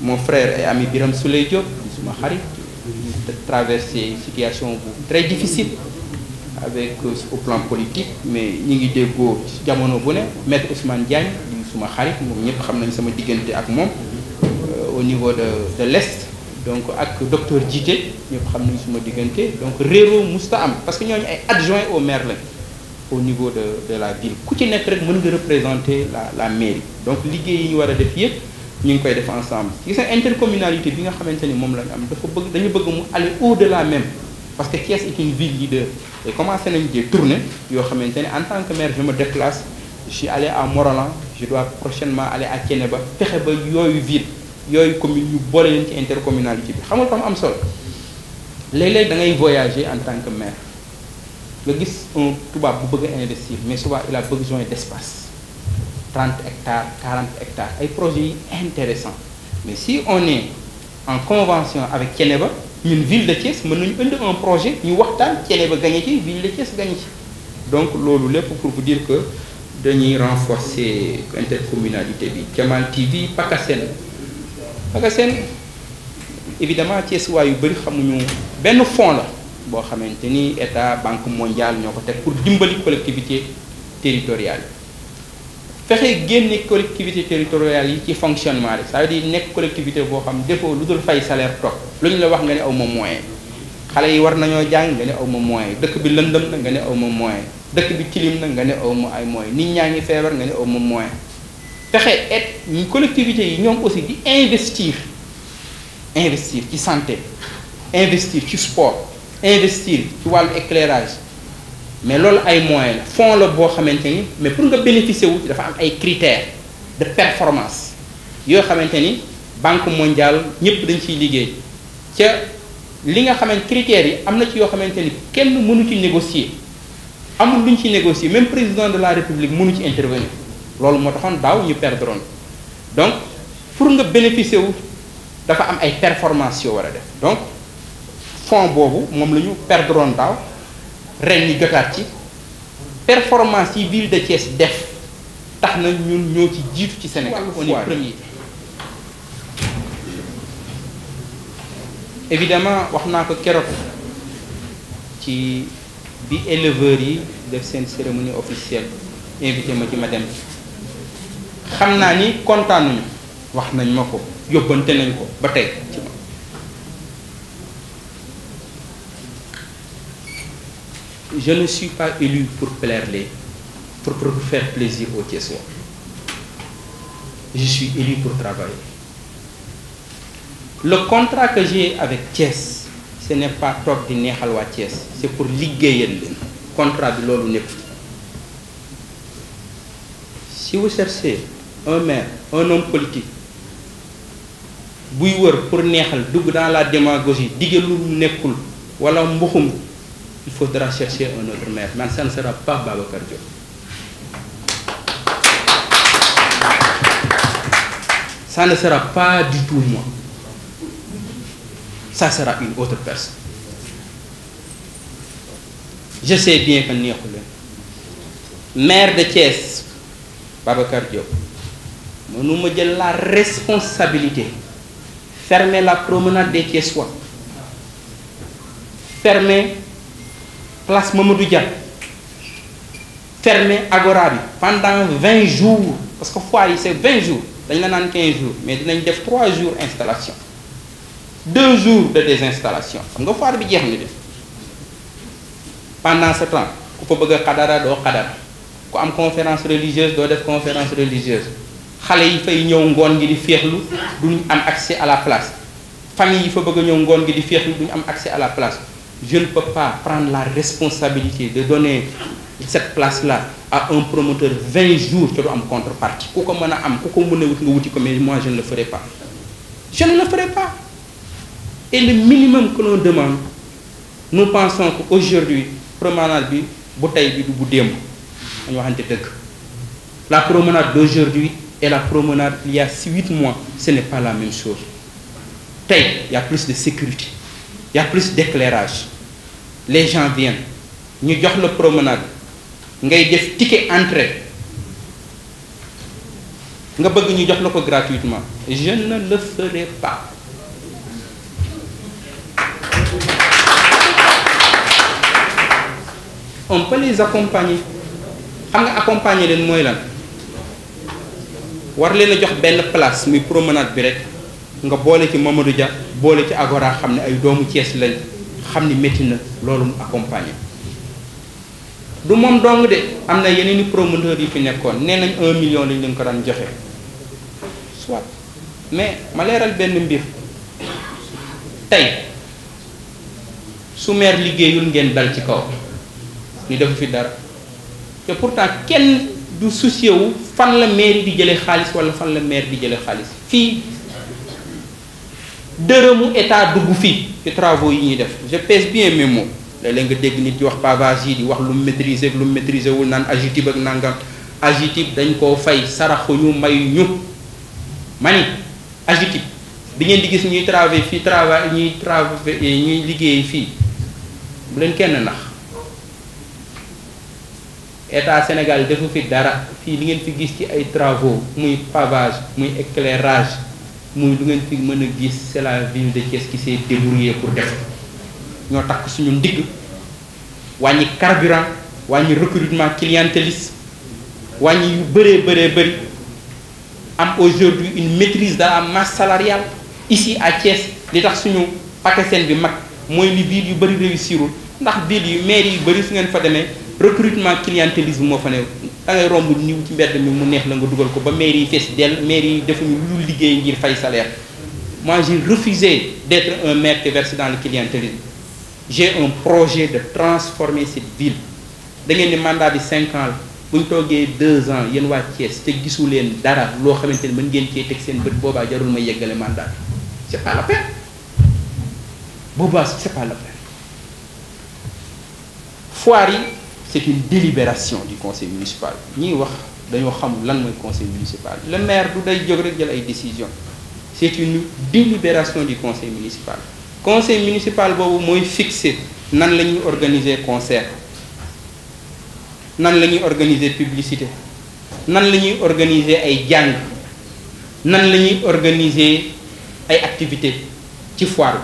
mon frère et ami Birame Souleye Diop suma xarit traversé situation bu très difficile. avec euh, au plan politique mais ñu ngi déggoo ci jamono bu ne maître Ousmane Diagne di suma xarit moom ñëpp xam nañ sama diggante ak moom euh, au niveau de de l'est donc ak docteur Djité ñëpp xam nañ suma diggante donc réeroo musta am parce que ñooñu ay adjoint au maire lañ au niveau de de la ville ku ci nekk rek mën nga représenter la la mairie donc liggéey yi ñu war a def yëpp ñu ngi koy def ensemble gis nga intercommunalité bi nga xamante ni moom lañ am dafa bëgg dañu bëgg mu aller au-delà même parce que Thiès est une ville leader et commencé nañu des tournées yoo xamante ne en tant que maire je me déplace je suis allé à Morolan je dois prochainement aller à Thiénaba fexe ba yooyu ville yooyu commune yu boole leen ci intercommunalité bi xam nga ko am solo léeg-léeg da ngay voyager en tant que maire nga gis un tubaab bu bëgg a mais souvent il a besoin d' espace trente hectares quarante hectares ay projets yi intéressant mais si on est en convention avec Thiénaba ñun ville de Thiès mën nañu indi un projet ñu waxtaan Thiénaba gagné ci ville de Thiès gagné ci donc loolu lépp pour bu dire que dañuy renforcer intercommunalité bi Jamal TV Pakasen Pakasen évidemment Thiès waa yu bëri xamuñu benn fonds la boo xamante ni état banque mondiale ñoo ko teg pour dimbali collectivité territoriale fexe génne collectivité territoriale yi ci fonctionnement rek ça veut dire nekk collectivité boo xam defoo lu dul fay salaire toog lu ñu la wax nga ne aw ma moyen xale yi war nañoo jàng nga ne aw ma moyen dëkk bi lëndëm na nga ne aw ma moyen dëkk bi tilim na nga ne aw ma ay moyen nit ñaa ngi feebar nga ne aw ma moyen fexe et collectivité yi ñoom aussi di investir investir ci santé investir ci sport investir ci wàllu éclairage mais loolu ay moyens la la boo xamante ni mais pour nga bénéficier wu dafa am ay critères de performance yoo xamante ni banque mondiale ñëpp dañ ciy liggéey ca li nga xamante critères yi am na ci yoo xamante ni kenn mënu ci négocier lu luñ ci négocier même président de la république mënu ci intervenir loolu moo taxoon daaw ñu perdroon donc pour nga bénéficier wu dafa am ay performance yoo war a def donc fonds boobu moom la ñu perdroon daaw ren ñi jotaat ci performance yi ville de Thiès def tax na ñun ñoo ci jiitu ci Sénégal on est premier évidemment wax naa ko keroog ci bi éleveurs yi def seen cérémonie officielle invité ma ci ma dem xam naa ni kontaanuñu wax nañ ma ko yóbbante nañ ko ba tey je ne suis pas élu pour plaire les pour, pour faire plaisir aux Thiessois. Je suis élu pour travailler. Le contrat que j'ai avec Thiès ce n'est pas toog di neexal waa Thiès c'est pour liggéeyal leen contrat bi loolu nekk si vous cherchez un maire un homme politique buy wër pour neexal dugg dans la démagogie dige lu nekkul wala mbuxum il faudra chercher un autre maire man ça ne sera pas Babacar Diop ça ne sera pas du tout moi ça sera une autre personne je sais bien que neexu maire de Thiès Babacar Diop mënuma jël la responsabilité fermer la promenade des Thiessois fermer place Mamadou Dia fermé agora bi pendant vingt jours parce que foire yi c'est vingt jours dañ la naan quinze jours mais dinañ def trois jours installation deux jours de désinstallation xam nga foire bi jeex na def pendant ce temps ku fa bëgg a xadara doo xadara ku am conférence religieuse doo def conférence religieuse xale yi fay ñëw ngoon gi di féexlu duñ am accès à la place famille yi fa bëgg ñëw ngoon gi di féexlu duñ am accès à la place je ne peux pas prendre la responsabilité de donner cette place la a un promoteur 20 jours te du am contrepartie ku ko mën a am ku ko mën a wut nga wuti ko mais moi je ne pas je ne le pas et le minimum que l'on demande nous pensons que aujourd'hui promenade bi bu tey bi du bu démb dañu waxante dëgg la promenade d'aujourd'hui et la promenade il y a huit mois ce n'est pas la même chose tey y a plus de sécurité y a plus d'éclairage les gens viennent ñu jox la promenade ngay def ticket entrée nga bëgg ñu jox la ko gratuitement je ne le ferai pas on peut les accompagner xam nga accompagner leen mooy lan war leen a jox benn place muy promenade bi rek nga boole ci Mamadou Dia boole ci Agora xam ne ay doomu Thiès lañ xam ni métti na loolu mu accompagné du moom dong de am na yeneen i promoteur yi fi nekkoon nee nañ un million lañ leen ko daan joxe soit mais maleeral leeral benn mbir tey su maire liggéeyul ngeen dal ci kaw ñu defu fi dara te pourtant kenn du soucié wu fan la maire di jëlee xaalis wala fan la maire di jëlee xaalis fii dërëmu état dugg fii ci travaux yi ñuy def je pèse bien mes mots léeg-léeg nga dégg nit ci wax pavage yi di wax lu maîtriser ak lu maîtriser wul naan agitib ak nanga agitib dañ koo fay saraxuñu may ñu mani agitib bi ngeen di gis ñuy travail fii travail ñuy travail eh, ñuy liggéey fii bu leen kenn nax état Sénégal defu fi dara fii li ngeen fi gis ci ay travaux muy pavage muy éclairage muy lu ngeen fi mën a gis c'est la de Thiès qui s'est débrouillée pour def ñoo takk suñu ndigg wàññi carburant wàññi recrutement clientéliste wàññi yu bëree bëree bari am aujourd'hui une maîtrise de la masse salariale ici à Thiès li tax suñu pakaseen bi mag mooy li ville yu bëri réussirul ndax ville yu maire yu bëri su ngeen fa demee recrutement clientélisme moo fa ne dangay romb niw ci mbedd mi mu neex la nga dugal ko ba mairie yi fees dell mairie yi defuñu lu dul liggéey ngir fay salaire moi j'ai refusé d'être un maire qui verse dans le clientélisme un projet de transformer cette ville da ngeen ni mandat bi cinq la bu ñu toogee deux ans yéen waa Thiès te gisu leen dara loo xamante ni mën ngeen cee teg seen bët boobaa jarul ma yeggale mandat bi c'est pas yi c'est une délibération du conseil municipal ñiy wax dañoo xam lan mooy conseil municipal le maire du day jóg rek jël ay décision c'est une délibération du conseil municipal conseil municipal boobu mooy fixer nan la ñuy organiser concert nan la ñuy organiser publicité nan la ñuy organiser ay jàng nan la ñuy organiser ay activité ci foire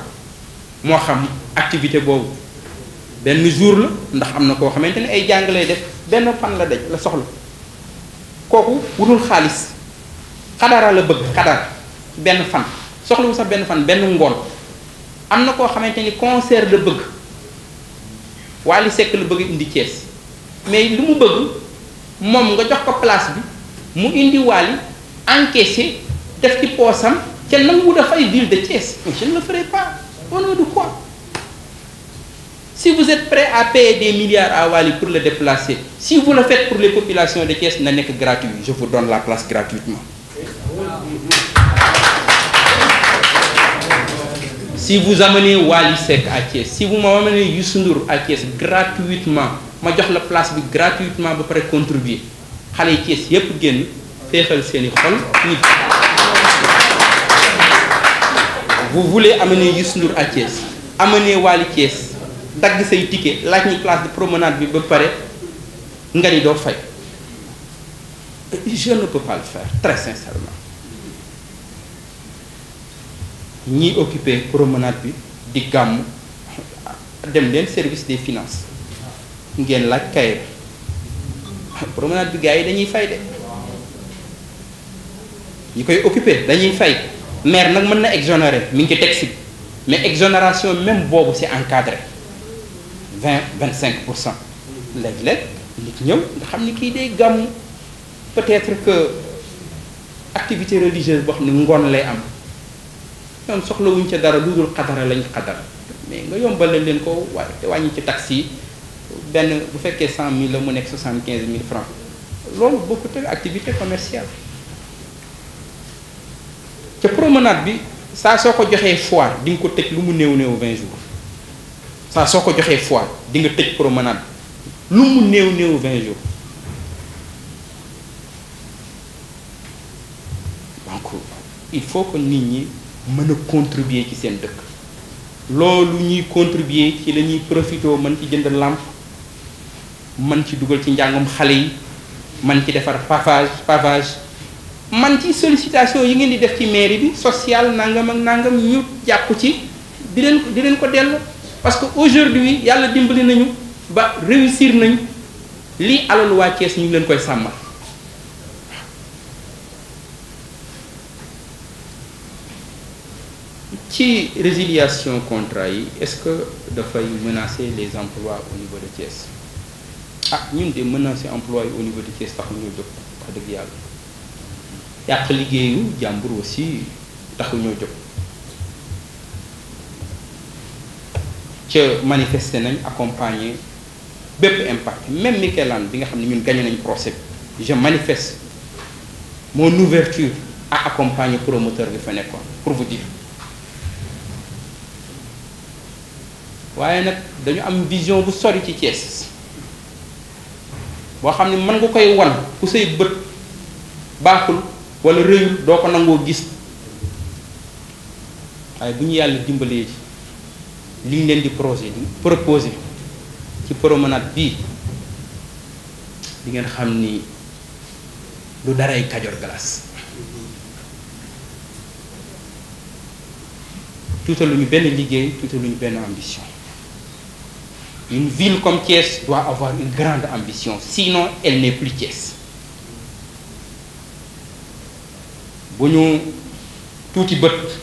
moo xam activité boobu benn jour la ndax am na koo xamante ni ay jàng lay def benn fan la daj la soxla kooku wutul xaalis xadara la bëgg xadara benn fan soxlawu sax benn fan benn ngoon am na koo xamante ni concert la bëgg Wally Seck la bëgg indi Thiès mais li mu bëgg moom nga jox ko place bi mu indi Wally encaissé def ci poosam ca nangu dafay ville de Thiès mais je ne le ferai pas au nom de quoi Si vous êtes prêt à payer des milliards à Wali pour le déplacer, si vous le faites pour les populations de Thiès, n'est que gratuit. Je vous donne la place gratuitement. Si vous amenez Wali Sek à Thiès, si vous m'amenez Youssou à Thiès gratuitement, ma jox la place bi gratuitement ba pare contribuer xale yi Thiès yépp génn féexal seen i xol nit vous voulez amener Youssou Ndour à Thiès amener Wali Thiès dagg say ticket laaj ñi place de promenade bi ba pare nga ni doo fay je ne peux pas le faire très sincèrement ñiy occupé promenade bi di gàmm dem leen service des finance ngeen laaj kayit promenade bi gars yi dañuy fay de ñi koy occupé dañuy fay maire nag mën na exonérer mi ngi ci teg si mais exonération même boobu c'est encadré vingt vingt cinq pour cent léeg-léeg nit ñëw nga xam ne kii day gàmmu peut-être que activité religieuse boo xam ne ngoon lay am ñoom soxlawuñ ca dara lu dul xadara lañ xadara mais nga yombal leen ko wàññi ci taxi yi benn bu fekkee cent mille la mu nekk soixante quinze mille francs loolu bokkut ak activité commerciale ca promenade bi saa soo ko joxee foire di ko tëj lu mu néew néew vingt jours saa soo ko joxee fois di nga tëj promenade lu mu néew néew vingt jours il faut que nit ñi mën a contribuer ci seen dëkk loolu ñuy contribuer ci la ñuy profitoo mën ci jënd làmp mën ci dugal ci njàngam xale yi man ci defar pavage pavage man ci sollicitation yi ngeen di def ci mairie bi sociale nangam ak nangam ñu jàpp ci di leen di leen ko dellu parce que aujourd'hui yàlla dimbali nañu ba réussir nañ lii alalu waa Thiès ñu ngi leen koy sàmmal ci résiliation contrat yi est-ce que dafay menacer les emplois au niveau de Thiès ah ñun de menacer emploi yi au niveau de Thiès tax ñoo jóg wax dëgg yàlla yàq liggéeyu jàmbur aussi taxu ñoo jóg ca manifester nañ accompagner bépp impact même Mikelan bi nga xam ne ñun gagné nañ procès bi je manifeste mon ouverture à accompagner promoteur bi fa nekkoon pour vous dire waaye nag dañu am vision bu sori ci Thiès boo xam ne mën nga koy wan ku say bët baaxul wala rëyul doo ko nangoo gis waaye bu ñu yàlla dimbalee ji liñ leen di projet di proposé ci promenade bii di ngeen xam ni lu daray Kajoor Glace tuutaluñu benn liggéey tuutaluñu benn ambition une ville comme Thiès doit avoir une grande ambition sinon elle n'est plus Thiès bu ñu tuuti bët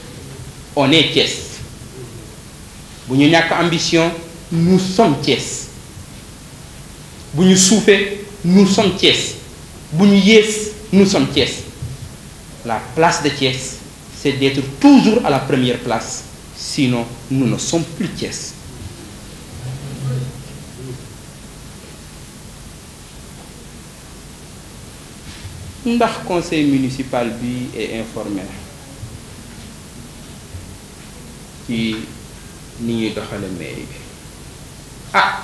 on est Thiès bu ñu ñàkk ambition nous sommes Thiès bu ñu suufee nous sommes Thiès bu ñu yées nous sommes Thiès la place de Thiès c'est d'être toujours à la première place sinon nous ne sommes plus Thiès ndax conseil municipal bi et informe ci ni ñuy doxale mairie bi ah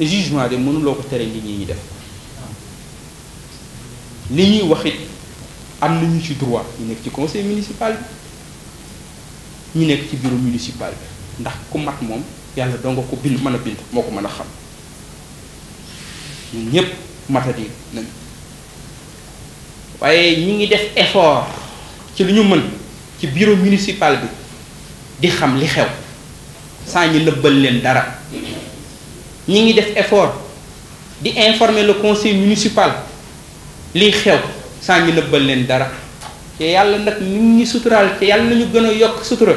jugement de mënuloo ko tere nit ñi ñu def ni ñuy wax it am nañu ci droit ñu nekk ci conseil municipal bi ñu nekk ci bureau municipal bi ndax ku mat moom yàlla doo nga ko bind mën a bind moo ko mën a xam ñun ñépp matadi nañ waaye ñu ngi def effort ci li ñu mën ci bureau municipal bi di xam li xew saa ñu lëbbal leen dara ñi ngi def effort di informer la conseil municipal liy xew saa ñu lëbbal leen dara te yàlla nag nit ñi suturaal te yàlla nañu gën a yokk sutura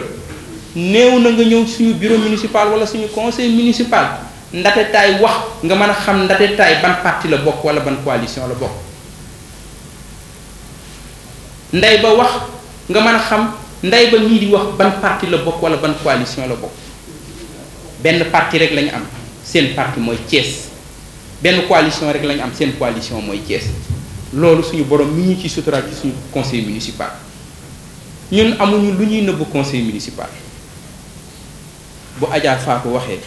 néew na nga ñëw suñu bureau municipal wala suñu conseil municipal ndatetaay wax nga mën a xam ndatetaay ban parti la bokk wala ban coalition la bokk ndey ba wax nga mën a xam ndey ba ñii di wax ban parti la bokk wala ban coalition la bokk benn parti rek lañu am seen parti mooy Thiès benn coalition rek lañu am seen coalition mooy Thiès loolu suñu borom mi ñu ci suturaal ci suñu conseil municipal ñun amuñu lu ñuy nëbb conseil municipal bu Adja Fatou waxee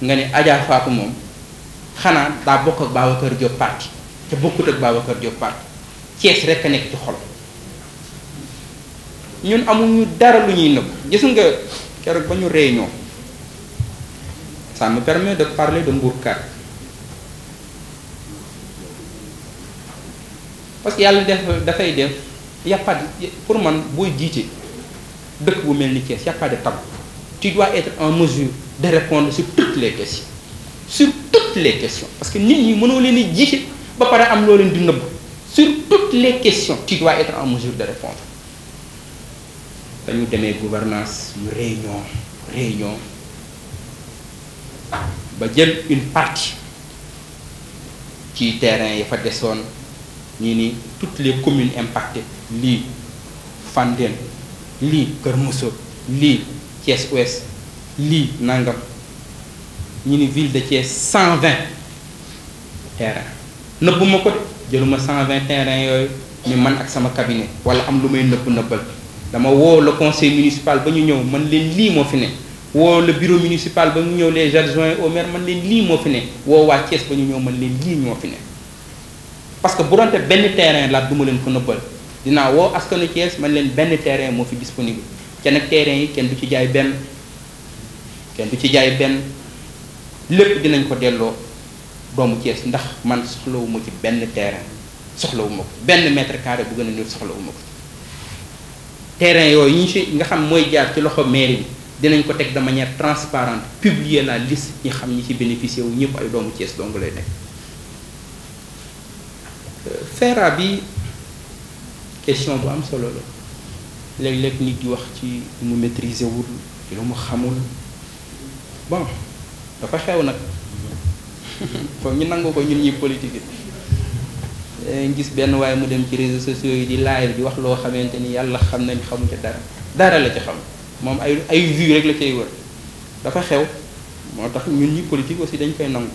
nga ne Adja Fatou moom xanaa daa bokk ak kër Diop parti te bokkut ak kër Diop parti Thiès rek a nekk ci xol ñun amuñu dara lu ñuy nëbb gis nga keroog ba ñu réunion ça me permet de parler de Mbourkat parce que yàlla def dafay def y a pas pour man booy jiite dëkk bu mel ni Thiès y a pas de tabou tu dois être en mesure de répondre sur toutes les questions sur toutes les questions parce que nit ñi mënoo leen di jiite ba pare am loo leen di nëbb sur toutes les questions tu dois être en mesure de répondre ba demee gouvernance ñu réunion réunion ba jël une partie ci terrain yi fa desoon ñii ni toutes les communes impactées lii Fandène lii Kër Moussa lii Thiès Ouest lii Nangam ñi ni ville de Thiès cent vingt terrain nëbbuma ko de jëluma cent vingt terrain yooyu ni man ak sama cabinet wala am lu may nëbb nëbbal dama woo la conseil municipal ba ñu ñëw man leen lii moo fi ne woo le bureau municipal ba ñu ñëw les adjoints au maire man leen lii moo fi ne woo waa Thiès ñu ñëw man leen lii ñoo fi parce que bu doonte benn terrain laa duma leen ko nëbbal dinaa woo askanu Thiès man leen benn terrain moo fi disponible te nag terrain yi kenn du ci jaay benn kenn du ci jaay benn lépp dinañ ko delloo doomu Thiès ndax man soxlawuma ci benn terrain soxlawuma ko benn metre carré bu gën a néew soxlawuma ko terrain yooyu ñu si nga xam mooy jaar ci loxo mairie bi dinañ ko teg de manière transparente publier la liste ñi xam ñi ci bénéficier wu ñëpp ay doomu Thiès dong lay nekk euh, FERA bi question bu am solo la léeg-léeg nit di wax ci lu mu maîtriser wul lu mu xamul bon dafa xew nag kon ñu nangu ko ñun ñi politique Eh, gis benn waaye mu dem ci réseaux sociaux yi di live di wax loo xamante ni yàlla xam nañ xamu ca dara dara la ci xam moom ay ay vues rek la cay wër dafa xew moo tax ñun ñi politique aussi dañ koy nangu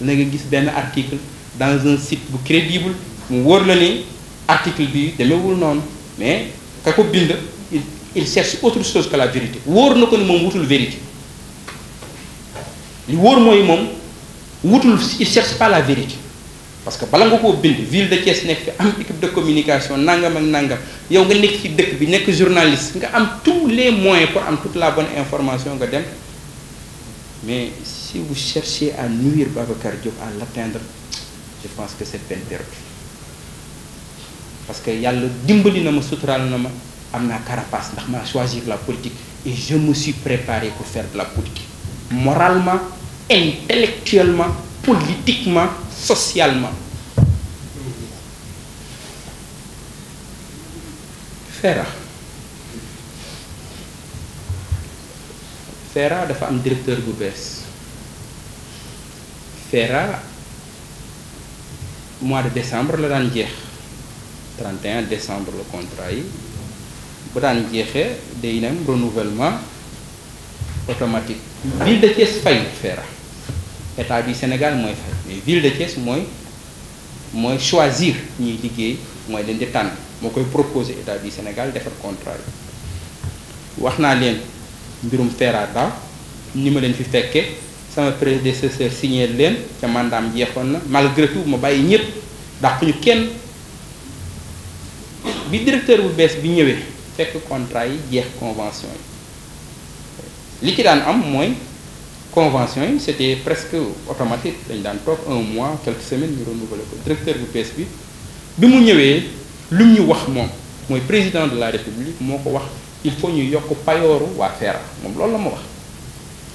na nga gis benn article dans un site bu crédible mu wóor la ni article bi demewul noonu mais ka ko bind il il cherche autre chose que la vérité wóor na ko ni moom wutul vérité li wóor mooy moom wutul il cherche pas la vérité parce que bala nga koo bind ville de Thiès nekk fi am équipe de communication nangam ak nangam yow nga nekk ci dëkk bi nekk journaliste nga am tous les moyens pour am toute la bonne information nga dem mais si vous cherchez à nuire Babacar Diop à l'atteindre je pense que c'est peine perdue parce que yàlla dimbali na ma suturaal na ma am naa carapace ndax ma choisir la politique et je me suis préparé pour faire de la politique moralement intellectuellement socialement FERA FERA dafa am directeur bu bees FERA mois de décembre la daan jeex 31 décembre le contrat yi bu daan jeexee day nem renouvellement automatique ville de Thiès fay FERA état du Sénégal mooy fay mais ville de Thiès mooy mooy choisir ñuy liggéey mooy leen di tànn moo koy proposer état du Sénégal defar contra yi wax naa leen mbirum Ferra daaw ni ma leen fi fekkee sama prédécesseur signé leen ca mandaam jeexoon na malgré tout ma bàyyi ñëpp dàq ñu kenn bi directeur bu bees bi ñëwee fekk contrat yi jeex convention yi li ci daan am mooy convention yi c' presque automatique dañ daan toog un mois quelques semaines ñu renouvelé ko directeur bu bees bi bi mu ñëwee lu ñu wax moom mooy président de la république moo ko wax il faut ñu yokk payooru waa Feera moom loolu la ma wax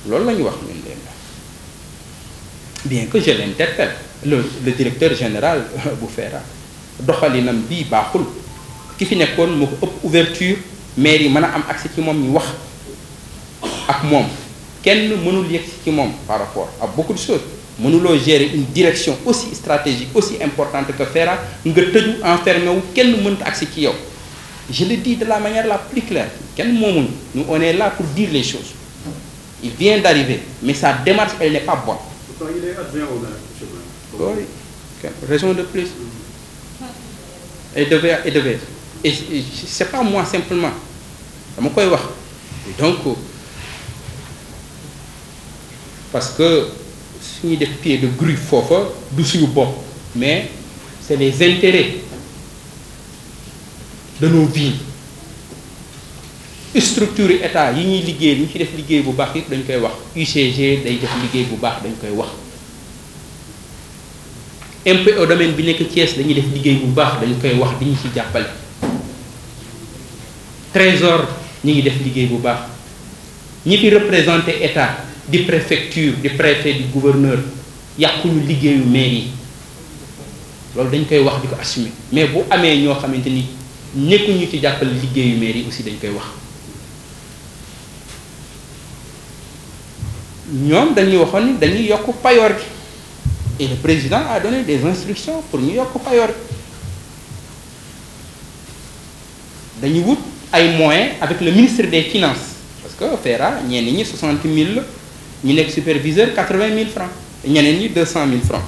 loolu la ñu wax ñun leen la bien que je l' interpelle le le directeur général euh, bu Feera doxalinam bii baaxul ki fi nekkoon moo ko ëpp ouverture maire yi mën a am accès ci moom ñu wax ak moom kenn mënul yegg ci moom par rapport à beaucoup de choses mënuloo gérer une direction aussi stratégique aussi importante que FERA nga tëju enfermé wu kenn mënta agsi ci yow je le dis de la manière la plus claire kenn moomuñu nous on est là pour dire les choses il vient d'arriver mais sa démarche elle n'est pas bonne. pourtant il raison de plus. et devait et devait et c'est pas moi simplement dama koy wax donc. parce que suñuy def pied de grue foofa du suñu bopp mais c'est des intérêts de nos vies structure état yi ñuy liggéey li ñu ci def liggéey bu baax yëpp dañ koy wax UCG day def liggéey bu baax dañ koy wax impôt domaine bi nekk Thiès dañuy def liggéey bu baax dañu koy wax dañu ci jàppale trésor ñu ngi def liggéey bu baax ñi fi représenté état di préfecture di préfet di gouverneur yàquñu liggéeyu maire yi loolu dañ koy wax di ko assumer mais bu amee ñoo xamante ni nekkuñu ci jàppale liggéeyu maire yi aussi dañ koy wax ñoom dañuy waxoon ni dañuy yokk payoor gi et le président a donné des instructions pour ñu yokk payoor gi dañu wut ay moyens avec le ministre des finances parce que FERA ñenn ñi soixante mille ñu nekk superviseur quatre-vingt mille francs ñeneen ñi deux cent mille francs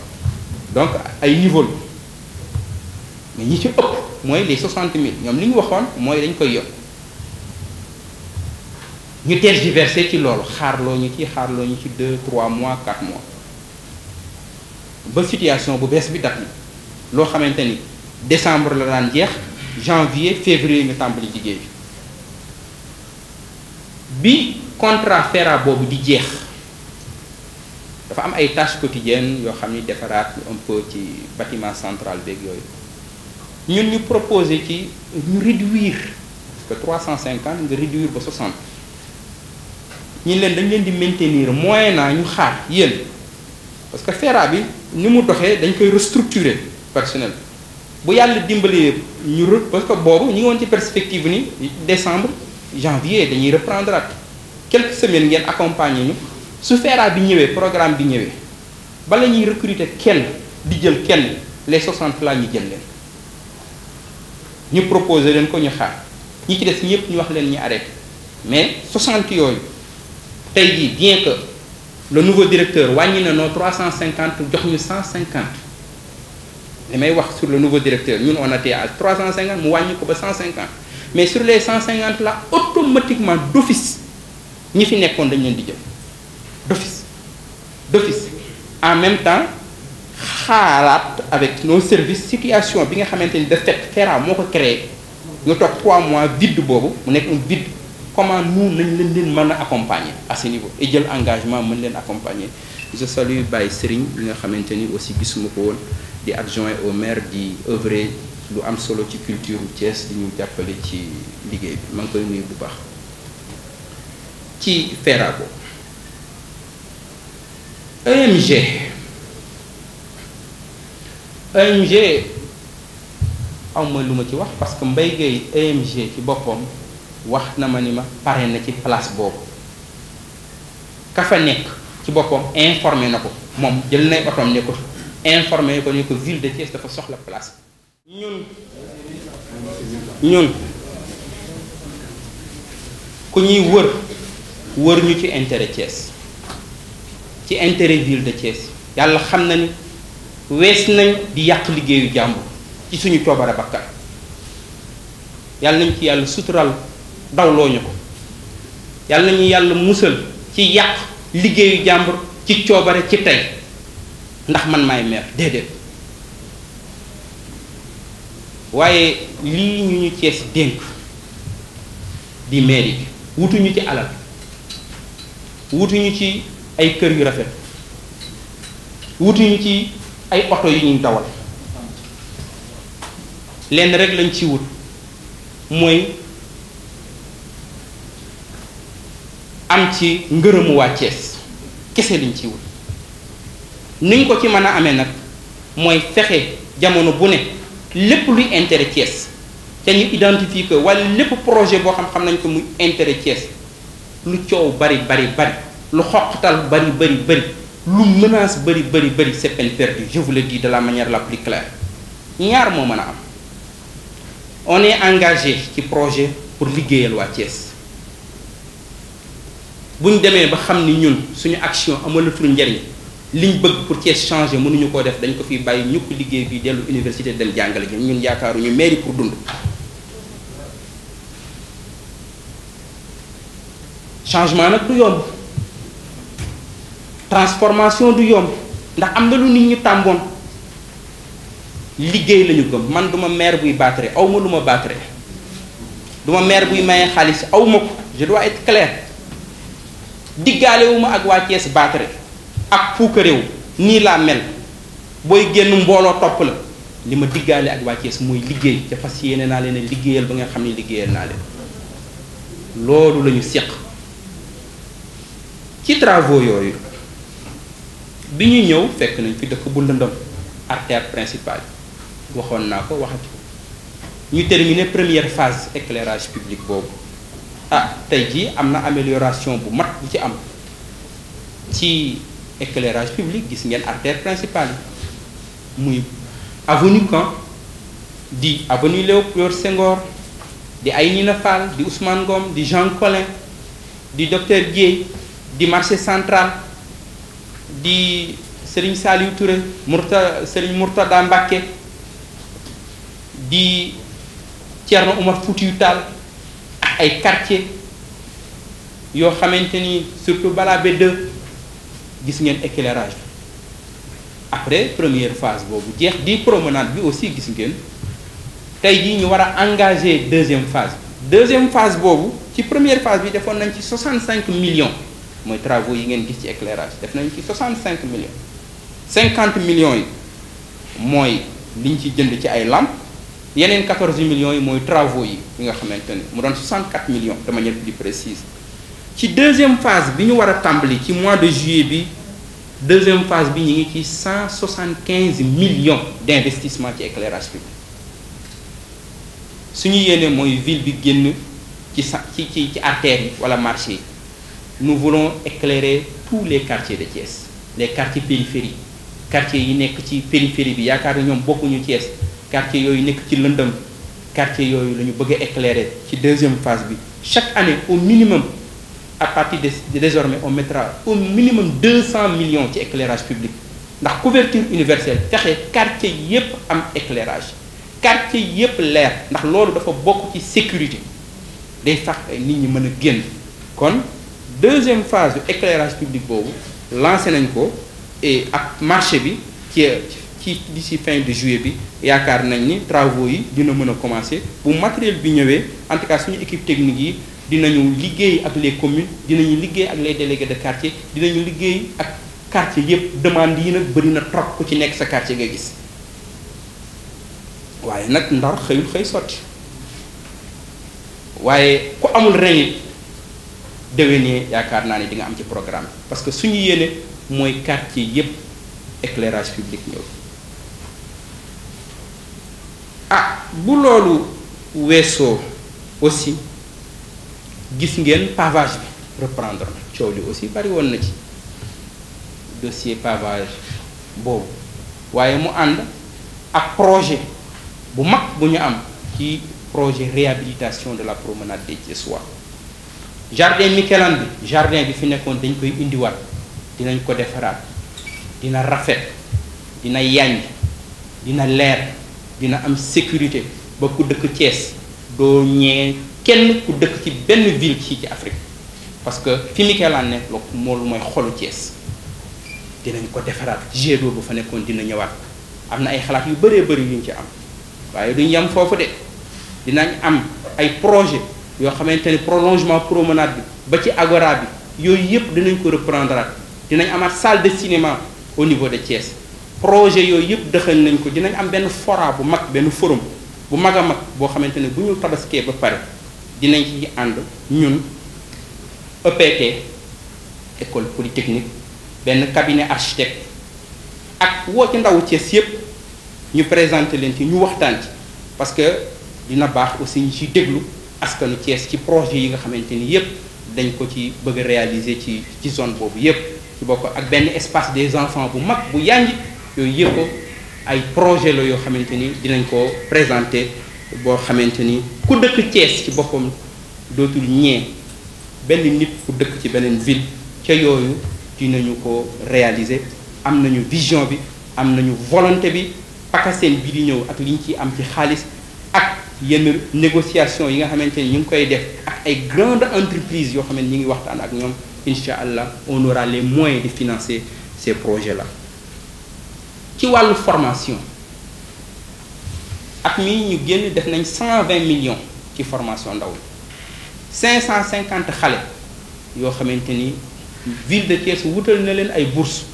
donc ay niveau mais ñi ci ëpp mooy les soixante mille ñoom li ñu waxoon mooy dañ koy yokk ñu tergiversé ci loolu xaarloo ñu ci xaarloo ñu ci deux trois mois quatre mois ba situation bu bees bi dab ni loo xamante ni décembre la daan jeex janvier février nga tàmbali liggéey bi bi contrat FERA boobu di jeex dafa am ay tâches quotidiennes yoo xam ni defaraat un peu ci bâtiment central beeg yooyu ñun ñu proposer ci ñu réduire trois cent cinquante nga réduire ba 60 ñi leen dañ leen di maintenir moyen naa ñu xaar yéen parce que FERA bi ñu mu doxee dañ koy restructurer personnel bu yàlla dimbalee ñu re parce que boobu ñu ngi woon ci perspective ni décembre janvier dañuy reprendre at quelques semaines ngeen accompagner ñu. su feeraa bi ñëwee programme bi ñëwee bala ñuy recruter kenn di jël kenn les 60 là ñu jël leen ñu proposer leen ko ñu xaar ñi ci des ñëpp ñu wax leen ñu arrêté mais 60 yooyu tey jii bien que le nouveau directeur wàññi na noo 350 jox ñu 150 li may wax sur le nouveau directeur ñun on était à 350 mu wàññi ko ba cent 150 mais sur les 150 là automatiquement d'office ñi fi nekkoon dañ leen di jël. d'office d'office en même temps xaalaat avec nos service situation bi nga xamante ni de fait FERA moo ko créé ñu toog trois mois vide boobu mu nekk un vide comment nous nañ leen leen mën a accompagner à ce niveau et jël engagement mën leen accompagner je salue Baye Serigne li nga xamante ni aussi gisuma ko woon di adjoint au maire di œuvrer lu am solo ci culture Thiès di ñu jàppale ci liggéey bi ma ngi koy nuyu bu baax ci FERA boobu EMG EMG am ma lu ma ci wax parce que Mbaye Gueye e ci boppam wax na ma ni ma pare na ci place boobu ka nekk ci boppam informé na ko moom jël nay otom ne ko informé ko ne ville de Thiès dafa soxla place ñun ñun ku ñuy wër wër ñu ci intérêt Thiès ci intérêt ville de Thiès yàlla xam na ni wees nañ di yàq liggéeyu jàmbur ci suñu coobara bakkan yàlla nañ ci yàlla sutural dawloo ñu ko yàlla nañu yàlla musal ci yàq liggéeyu jàmbur ci coobare ci tey ndax man maay meer déedéet waaye lii ñu ñu cees dénk di mairie bi wutuñu ci alal wutuñu ci ay kër yu rafet wutuñu ci ay oto yu ñuy dawal lenn rek lañ ci wut mooy am ci ngërëmu waa Cees kese lañ ci wut niñ ko ci mën a amee nag mooy fexe jamono bu ne lépp luy intérêt Cees te ñu identifier ko wala lépp projet boo xam xam nañ ko muy intérêt Cees lu coow bari bari bari lu xoqtal bari bari bari lu menace bari bari bari c'est peine perdue je vous le dis de la manière la plus claire ñaar moo mën a am on est engagé ci projet pour liggéeyal waa Thiès buñ demee ba xam ni ñun suñu action amalatul njariñ liñ bëgg pour Thiès changer mënuñu koo def dañ ko fi bàyyi ñu ko liggéey fii dellu université dem jàngale ji ñun yaakaaruñu mairie pour dund changement nag du yoon transformation du yomb ndax am na lu nit ñu tàmboon liggéey lañu gëm man duma maire buy baatare aw ma lu ma baatare duma maire buy maye xaalis awma ma ko je dois être clair ak waa Thiès baatare ak puukaréew nii laa mel booy génn mbooloo topp la li ma diggaale ak waa Thiès mooy liggéey ca fas yéene naa leen liggéeyal ba nga xam ne liggéeyal naa leen loolu lañu ñu séq ci travaux yooyu bi ñuy ñëw fekk nañ fi dëkk bu lëndëm artère principale waxoon naa ko waxati ko ñu terminer première phase éclairage public boobu ah tey jii am na amélioration bu mat bu ci am ci éclairage public gis ngeen artère principale yi muy avenue Caen di avenue Léopold Senghor di ay Nina Fall di Ousmane Ngom di Jean Collin di docteur Dieye di marché central di sëriñ Saliou Touré Murta sëriñ Murtada Mbàkke di Thierno Oumar Foutiyou Tall ak ay quartier yoo xamante ni surtout balaa ba gis ngeen éclairage après première phase boobu jeex di promenade bi aussi gis ngeen tey jii ñu war a engagé deuxième phase deuxième phase boobu ci première phase bi defoon nañ ci soixante cinq million mooy travaux yi ngeen gis ci éclairage def nañ ci cinq millions cinquante millions yi mooy liñ ci jënd ci ay lampes yeneen 14 millions yi mooy travaux yi yi nga xamante ne mu doon 64 millions de manière plus précise ci deuxième phase bi ñu war a tàmbali ci mois de juillet bi deuxième phase bi ñu ngi ci 175 millions d' investissement ci éclairage public suñu yéene mooy ville bi génn ci sa ci ci ci artères yi wala marché yi nous voulons éclairer tous les quartiers de Thiès les quartiers périphériques quartiers yi nekk ci périphérie bi yaakaar na ñoom bokkuñu Thiès quartiers yooyu nekk ci lëndëm quartiers yooyu la ñu bëgg a éclairer ci deuxième phase bi chaque année au minimum à partir de désormais on mettra au minimum 200 millions ci éclairage public ndax couverture universelle fexe quartier yépp am éclairage quartier yépp leer ndax loolu dafa bokk ci sécurité day sax nit ñi mën a génn deuxième phase du éclairage public boobu lancé nañ ko ak marché bi ci ci d'ici fin de juillet bi yaakaar nañ ni travaux yi dina mën a commencé bu matériel bi ñëwee en tout suñu équipe technique yi dinañu liggéey ak les communes dinañu liggéey ak les délégués de quartier dinañu liggéey ak quartier yëpp demande yi nag bëri na trop ku ci nekk sa quartier nga gis waaye nag ndar xëyul xëy sotti waaye ku amul rëy déwénee yaakaar naa ne di nga am ci programme parce que suñu yéene mooy quartier yépp éclairage public ñëw ah bu loolu weesoo aussi gis ngeen pavage bi reprendre na coow li aussi bari woon na ci dossier pavage boobu waaye mu ànd ak projet bu mag bu ñu am ci projet réhabilitation de la promenade des Thiessois jardin Michelan bi jardin bi fi nekkoon dañ koy indiwaat dinañ ko defaraat dina rafet dina yànj dina leer dina am sécurité ba ku dëkk Thiès doo ñee kenn ku dëkk ci benn ville ci ci Afrique parce que fi Michelan nekk loolu moolu mooy xolu Thiès dinañ ko defaraat jet d'eau ba fa nekkoon dina ñëwaat am na ay xalaat yu bëree bëri yuñ ci am waaye duñ yam foofu de dinañ am ay projet yoo xamante ne prolongement promenade bi ba ci agora bi yooyu yëpp dinañ ko reprendre dinañ amaat salle de cinéma au niveau de Thiès projet yooyu yëpp dëxal nañ ko dinañ am benn fora bu mag benn forum bu mag a mag boo xamante ne bu ñu tabaskee ba pare dinañ ci ànd ñun EPT école polytechnique benn cabinet architecte ak woo ci ndaw Thiès yëpp ñu présenter leen ci ñu waxtaan ci parce que dina baax aussi ñu ciy déglu. askanu Thiès ci projet yi nga xamante ni yépp dañ ko ci bëgg a réaliser ci ci zone boobu yépp ci bokk ak benn espace des enfants bu mag bu yànj yooyu yépp ay projet la yoo xamante ni dinañ ko présenter boo xamante ni ku dëkk Thiès ci boppam dootul ñee benn nit ku dëkk ci beneen ville ca yooyu dinañu ko réaliser am nañu vision bi am nañu volonté bi pakaseen bi di ñëw ak li ñu ciy am ci xaalis ak yenn négociation yi nga xamante ni ñu ngi koy def ak ay grandes entreprises yoo xam ne ñu ngi waxtaan ak ñoom incha allah on aura les moyens de financer ces projet la ci wàllu formation at mi ñu génn def nañ cent vingt millions ci formation ndaw cinq cent cinquante xale yoo xamante ni ville de Thiès wutal na leen ay bourses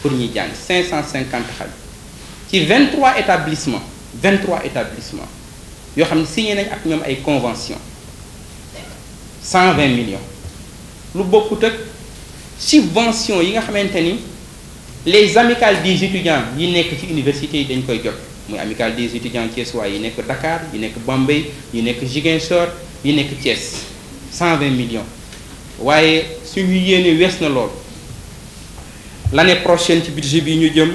pour ñuy jàng cinq cent cinquante xale ci vingt trois établissements vingt trois établissements yoo xam ne signé nañ ak ñoom ay convention cent vingt millions lu bokkut ak subvention yi nga xamante ni les amicales des étudiants yi nekk ci université yi dañ koy jot muy amicale des étudiants thiessois yi nekk Dakar yi nekk Bambey yi nekk Ziguinchor yi nekk Thiès cent vingt millions waaye suñu yéene wees na lool l'année prochaine ci budget bi ñu jëm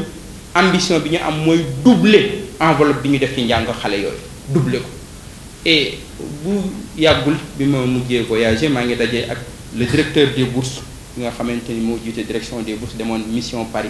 ambition bi ñu am mooy doubler enveloppe bi ñu def ci njàng xale yooyu doublé ko et bu yàggul bi ma mujjee voyagé maa ngi dajee ak le directeur de bourses bi nga xamante ni moo jiite direction des bourses demoon mission Paris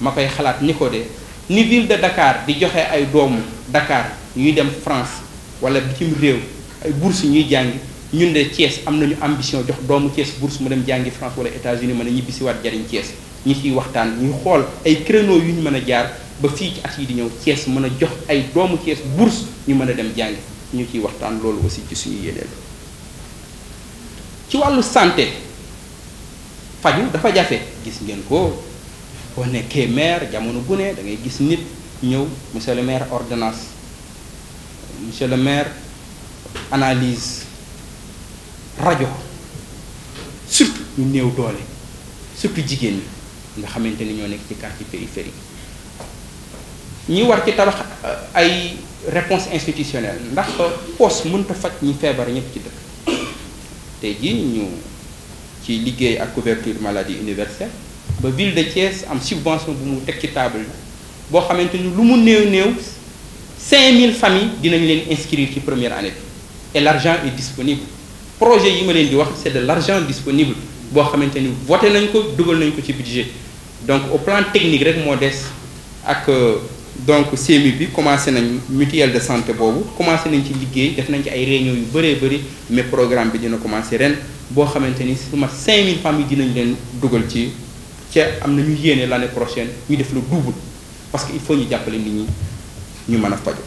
ma koy xalaat ni ko de ni ville de dakaar di joxe ay doomu dakaar ñuy dem France wala bitim réew ay bourses ñuy jàngi ñun ne Thiès am na ñu ambition jox doomu Thiès bourse mu dem jàngi France wala États-Unis mën a ñibbisiwaat jariñ Thiès ñu ciy waxtaan ñuy xool ay créneaux yu ñu mën a jaar. ba fii ci at yi di ñëw Thiès mën a jox ay doomu Thiès bourse ñu mën a dem jàngi ñu ciy waxtaan loolu aussi ci suñu yéeneel ci wàllu santé faju dafa jafe gis ngeen ko boo nekkee maire jamono bu ne da ngay gis nit ñëw monsieur le maire ordonnance monsieur le maire analyse rajo surtout ñu néew doole surtout jigéen ñi nga xamante ni ñoo nekk ci quartier périphérique ñi war ci tabax euh, ay réponse institutionnelle ndax poste mënta faj ñu feebar ñëpp ci dëkk tey jii ñu ci liggéey ak couverture maladie universelle ba ville de Thiès am subvention bu mu teg ci table bi boo xamante ni lu mu néew néew mille familles dinañ leen inscrire ci première année bi et l' argent disponible projet yi ma leen di wax c' est de l' argent disponible boo xamante ni voté nañ ko dugal nañ ko ci budget donc au plan technique rek moo des ak euh, donc CMU bi commencé nañ mutuelle de santé boobu commencé nañ ci liggéey def nañ ci ay réunion yu bëree bëri mais programme bi dina commencé ren boo xamante ni su ma 5000 familles dinañ leen dugal ci ca am na ñu yéene l'année prochaine ñu def le double parce que il faut ñu jàppale nit ñi ñu mën a faju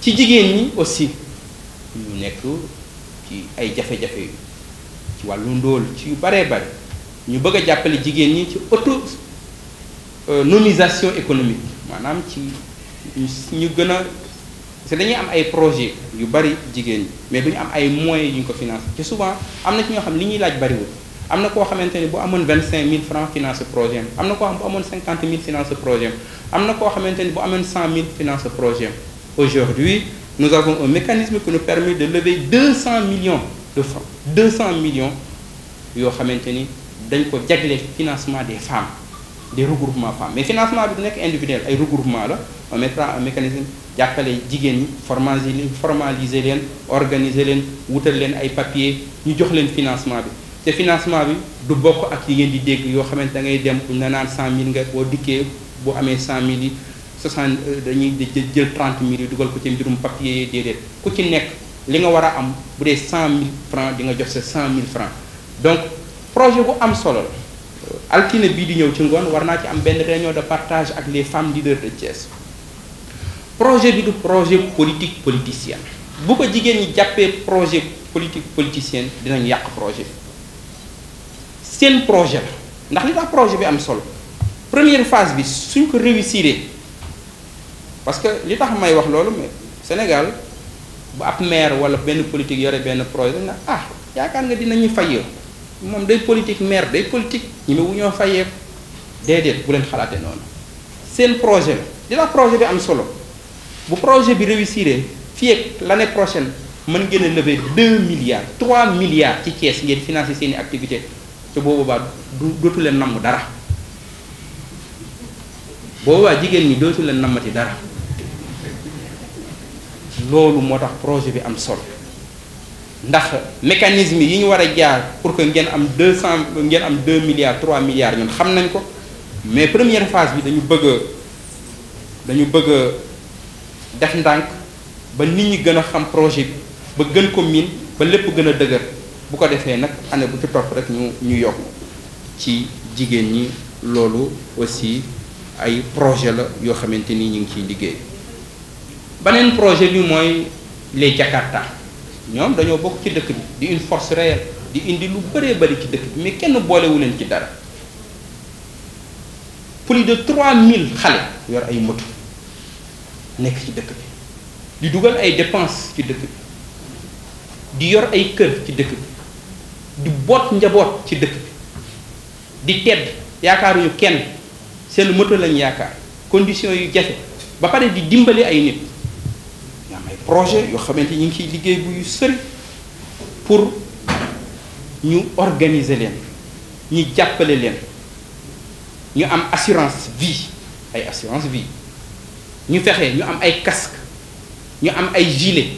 ci jigéen ñi aussi ñu nekk ci ay jafe-jafe yu ci wàllu ndóol ci yu baree bari ñu bëgg jàppale jigéen ñi ci auto Euh, nomisation économique maanaam ci ñu gën a c'est dañuy am ay projet yu bari jigéen ñi mais du ñu am ay moyens yu ñu ko financé te souvent am na ci ñoo xam li ñuy laaj bariwul am na koo xamante ni bu amoon vingt cinq mille francs financé projet am na koo xam bu amoon cinquante mille na koo xamante ni bu amoon cent mille financé projet aujourd'hui nous avons un mécanisme qui nous permet de lever deux cent millions de francs deux cent millions yoo xamante ni dañ ko jagleel financement des femmes des regroupements femmes mais financement bi du nekk individuel ay regroupement la on mettra un mécanisme jàppale jigéen ñi formaliser leen formaliser leen organiser leen wutal leen ay papiers ñu jox leen financement bi te financement bi du bokk ak yi ngeen di dégg yoo xamante da ngay dem buñ na naan 100000 nga boo dikkee boo amee mille yi 60 euh, dañuy jël 30000 yi dugal ko ci mbirum papier déedéet ku ci nekk li nga war a am bu dee 100000 francs di nga jox sa 100000 francs donc projet bu am solo la. altine bii di ñëw ci ngoon war naa ci am benn réunion de partage ak les femmes leaders de Thiès projet bi du projet politique politicien bu ko jigéen ñi jàppee projet politique politicien dinañ yàq projet bi seen projet la ndax li tax projet bi am solo première phase bi suñ ko réussir parce que li tax may wax loolu mais Sénégal bu ab maire wala benn politique yore benn projet na ah yaakaar nga dinañu fayoo. moom day politique maire day politique ñi ma wu ñoo fayeeku déedéet bu leen xalaatee noonu seen projet la dina projet bi am solo bu projet bi réussir fii la l'année prochaine mën ngeen a lever 2 milliards 3 milliards ci Thiès ngeen financer seen i activité te boobu baa dootu leen namm dara boobu baa jigéen ñi dootu leen namati dara loolu moo tax projet bi am solo ndax mécanisme yi ñu war a jaar pour que ngeen am deux cent ngeen am deux milliards trois milliards ñun xam nañ ko mais première phase bi dañu bëgg dañu bëgg a def ndànk ba nit ñi gën a xam projet bi ba gën ko miin ba lépp gën a dëgër bu ko defee nag année bu ci topp rek ñu ñu yokk ci jigéen ñi loolu aussi ay projet la yoo xamante ni ñu ngi ciy liggéey beneen projet bi mooy les Jakarta ñoom dañoo bokk ci dëkk bi di une force réelle di indi lu bëree bëri ci dëkk bi mais kenn boolewu leen ci dara plus de mille xale yor ay moto nekk ci dëkk bi di dugal ay dépenses ci dëkk bi di yor ay kër ci dëkk bi di boot njaboot ci dëkk bi di tedd yaakaaruñu kenn seen moto lañ yaakaar conditions yu jafe ba pare di dimbali ay nit. projet yoo xamante ñu ngi ciy liggéey bu yu sëri pour ñu organiser leen ñu jàppale leen ñu am assurance vie ay assurance vie ñu fexe ñu am ay casque ñu am ay gilet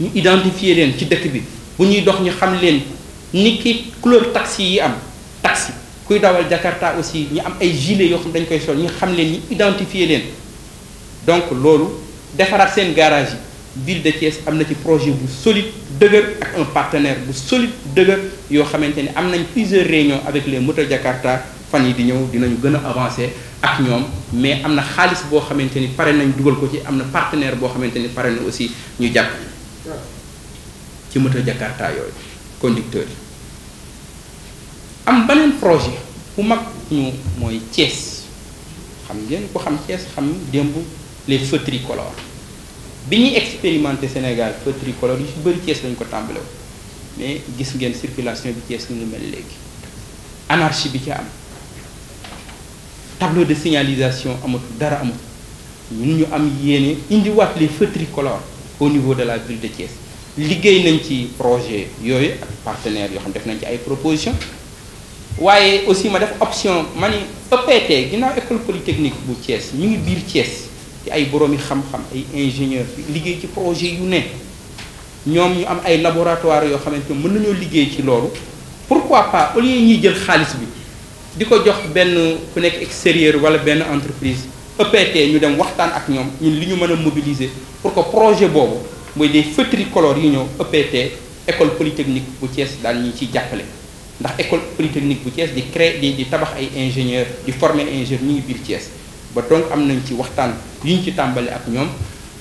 ñu identifier leen ci dëkk bi bu ñuy dox ñu xam leen ni ki couleur taxi yi am taxi kuy dawal Jakarta aussi ñu am ay gilet yoo xam dañ koy sol ñu xam leen ñu identifier leen donc loolu defaraat seen garage yi ville de Thiès am na ci projet bu solide dëgër ak un partenaire bu solide dëgër yoo xamante ni am nañ plusieurs réunions avec les moto Jakarta fan yi di ñëw dinañu gën a avancer ak ñoom mais am na xaalis boo xamante ni pare nañ dugal ko ci am na partenaire boo xamante ni pare na aussi ñu jàpp ci moto Jakarta yooyu conducteurs yi am beneen projet bu mag ñu mooy Thiès xam ngeen ko xam Thiès xam démb les feux tricolores bi ñuy expérimenté Sénégal feu tricolore ci bëri Thiès lañ ko tàmbale mais gis ngeen circulation bi Thiès ni mu mel léegi anarchie bi ci am tableau de signalisation amatul dara amatul ñun ñu am yéene indiwaat les feux au niveau de la ville de Thiès liggéey nañ ci projet yooyu ak partenaires yoo xam ne def nañ ci ay proposition waaye aussi ma def option ma ni EPT ginnaaw école polytechnique bu Thiès ñu ngi biir Thiès. ci ay boroomi xam-xam ay ingénieur liggéey ci projet yu ne ñoom ñu am ay laboratoire yoo xamante ne mën nañoo liggéey ci loolu pourquoi pas au lieu ñuy jël xaalis bi di ko jox benn ku nekk extérieur wala benn entreprise EPT ñu dem waxtaan ak ñoom ñun li ñu mën a mobiliser pour ko projet boobu mooy des feutres colores yu ñëw EPT école polytechnique bu Thiès daal ñu ciy jàppale ndax école polytechnique bu cees di créer di tabax ay ingénieur di former ingénieur ñu ngi biir Thiès ba donc am nañ ci waxtaan yu ñu ci tàmbali ak ñoom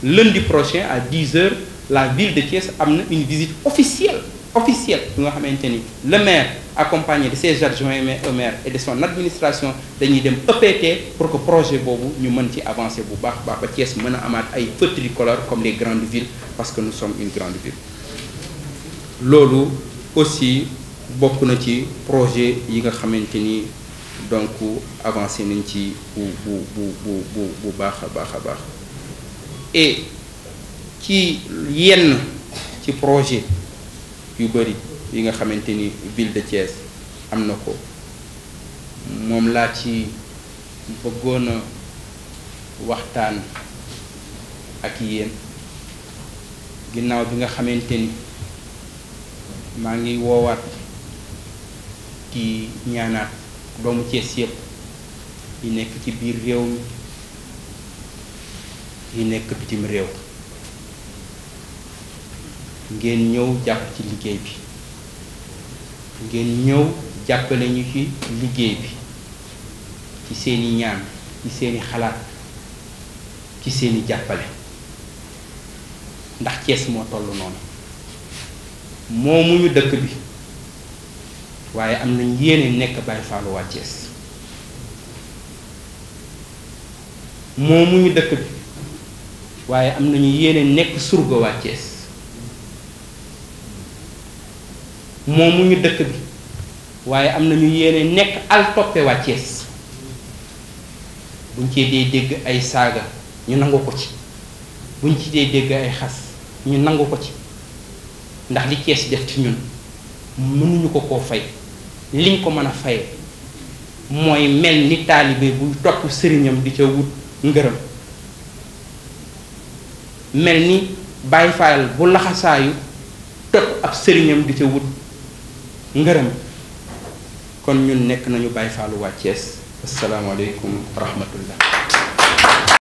lundi prochain à 10 heures la ville de Thiès am na une visite officielle officielle bi nga xamante ni le maire accompagné de ses adjoints mais au maire et de son administration dañuy dem EPT pour que projet boobu ñu mën ci avancer bu baax baax ba Thiès mën a amaat ay feux tricolores comme les grandes villes parce que nous sommes une grande ville loolu aussi bokk na ci projet yi nga xamante ni donc avancé nañ ci bu bu bu bu bu baax a baax a baax ci yenn ci projet yu bëri yi nga xamante ni ville de Thiès am na ko moom laa ci bëggoon a waxtaan ak yéen ginnaaw bi nga xamante ni maa ngi woowaat ki ñaanaat doomu Cees yépp yi nekk ci biir réew mi yi nekk bitim réew ngeen ñëw jàpp ci liggéey bi ngeen ñëw jàppale ñu ci liggéey bi ci seeni ñaan ci seeni xalaat ci seeni jàppale ndax Cees moo toll noonu moomuñu dëkk bi waaye am nañ yéene nekk Baye Fallou waa Thiès moomu ñu dëkk bi waaye am nañu yéene nekk surga waa Thiès moomu ñu dëkk bi waaye am na nañu yéene nekk al toppe waa Thiès buñ ci dee dégg ay saaga ñu nangu ko ci buñ ci dee dégg ay xas ñu nangu ko ci ndax li Thiès def ci ñun mënuñu ko koo fay li liñ ko mën a faye mooy mel ni taalibe buy topp sëriñam di ca wut ngërëm mel ni Baay Faal bu laxasaayu topp ab sëriñam di ca wut ngërëm kon ñun nekk nañu Baay Faalu waa Cees asalaamaaleykum wa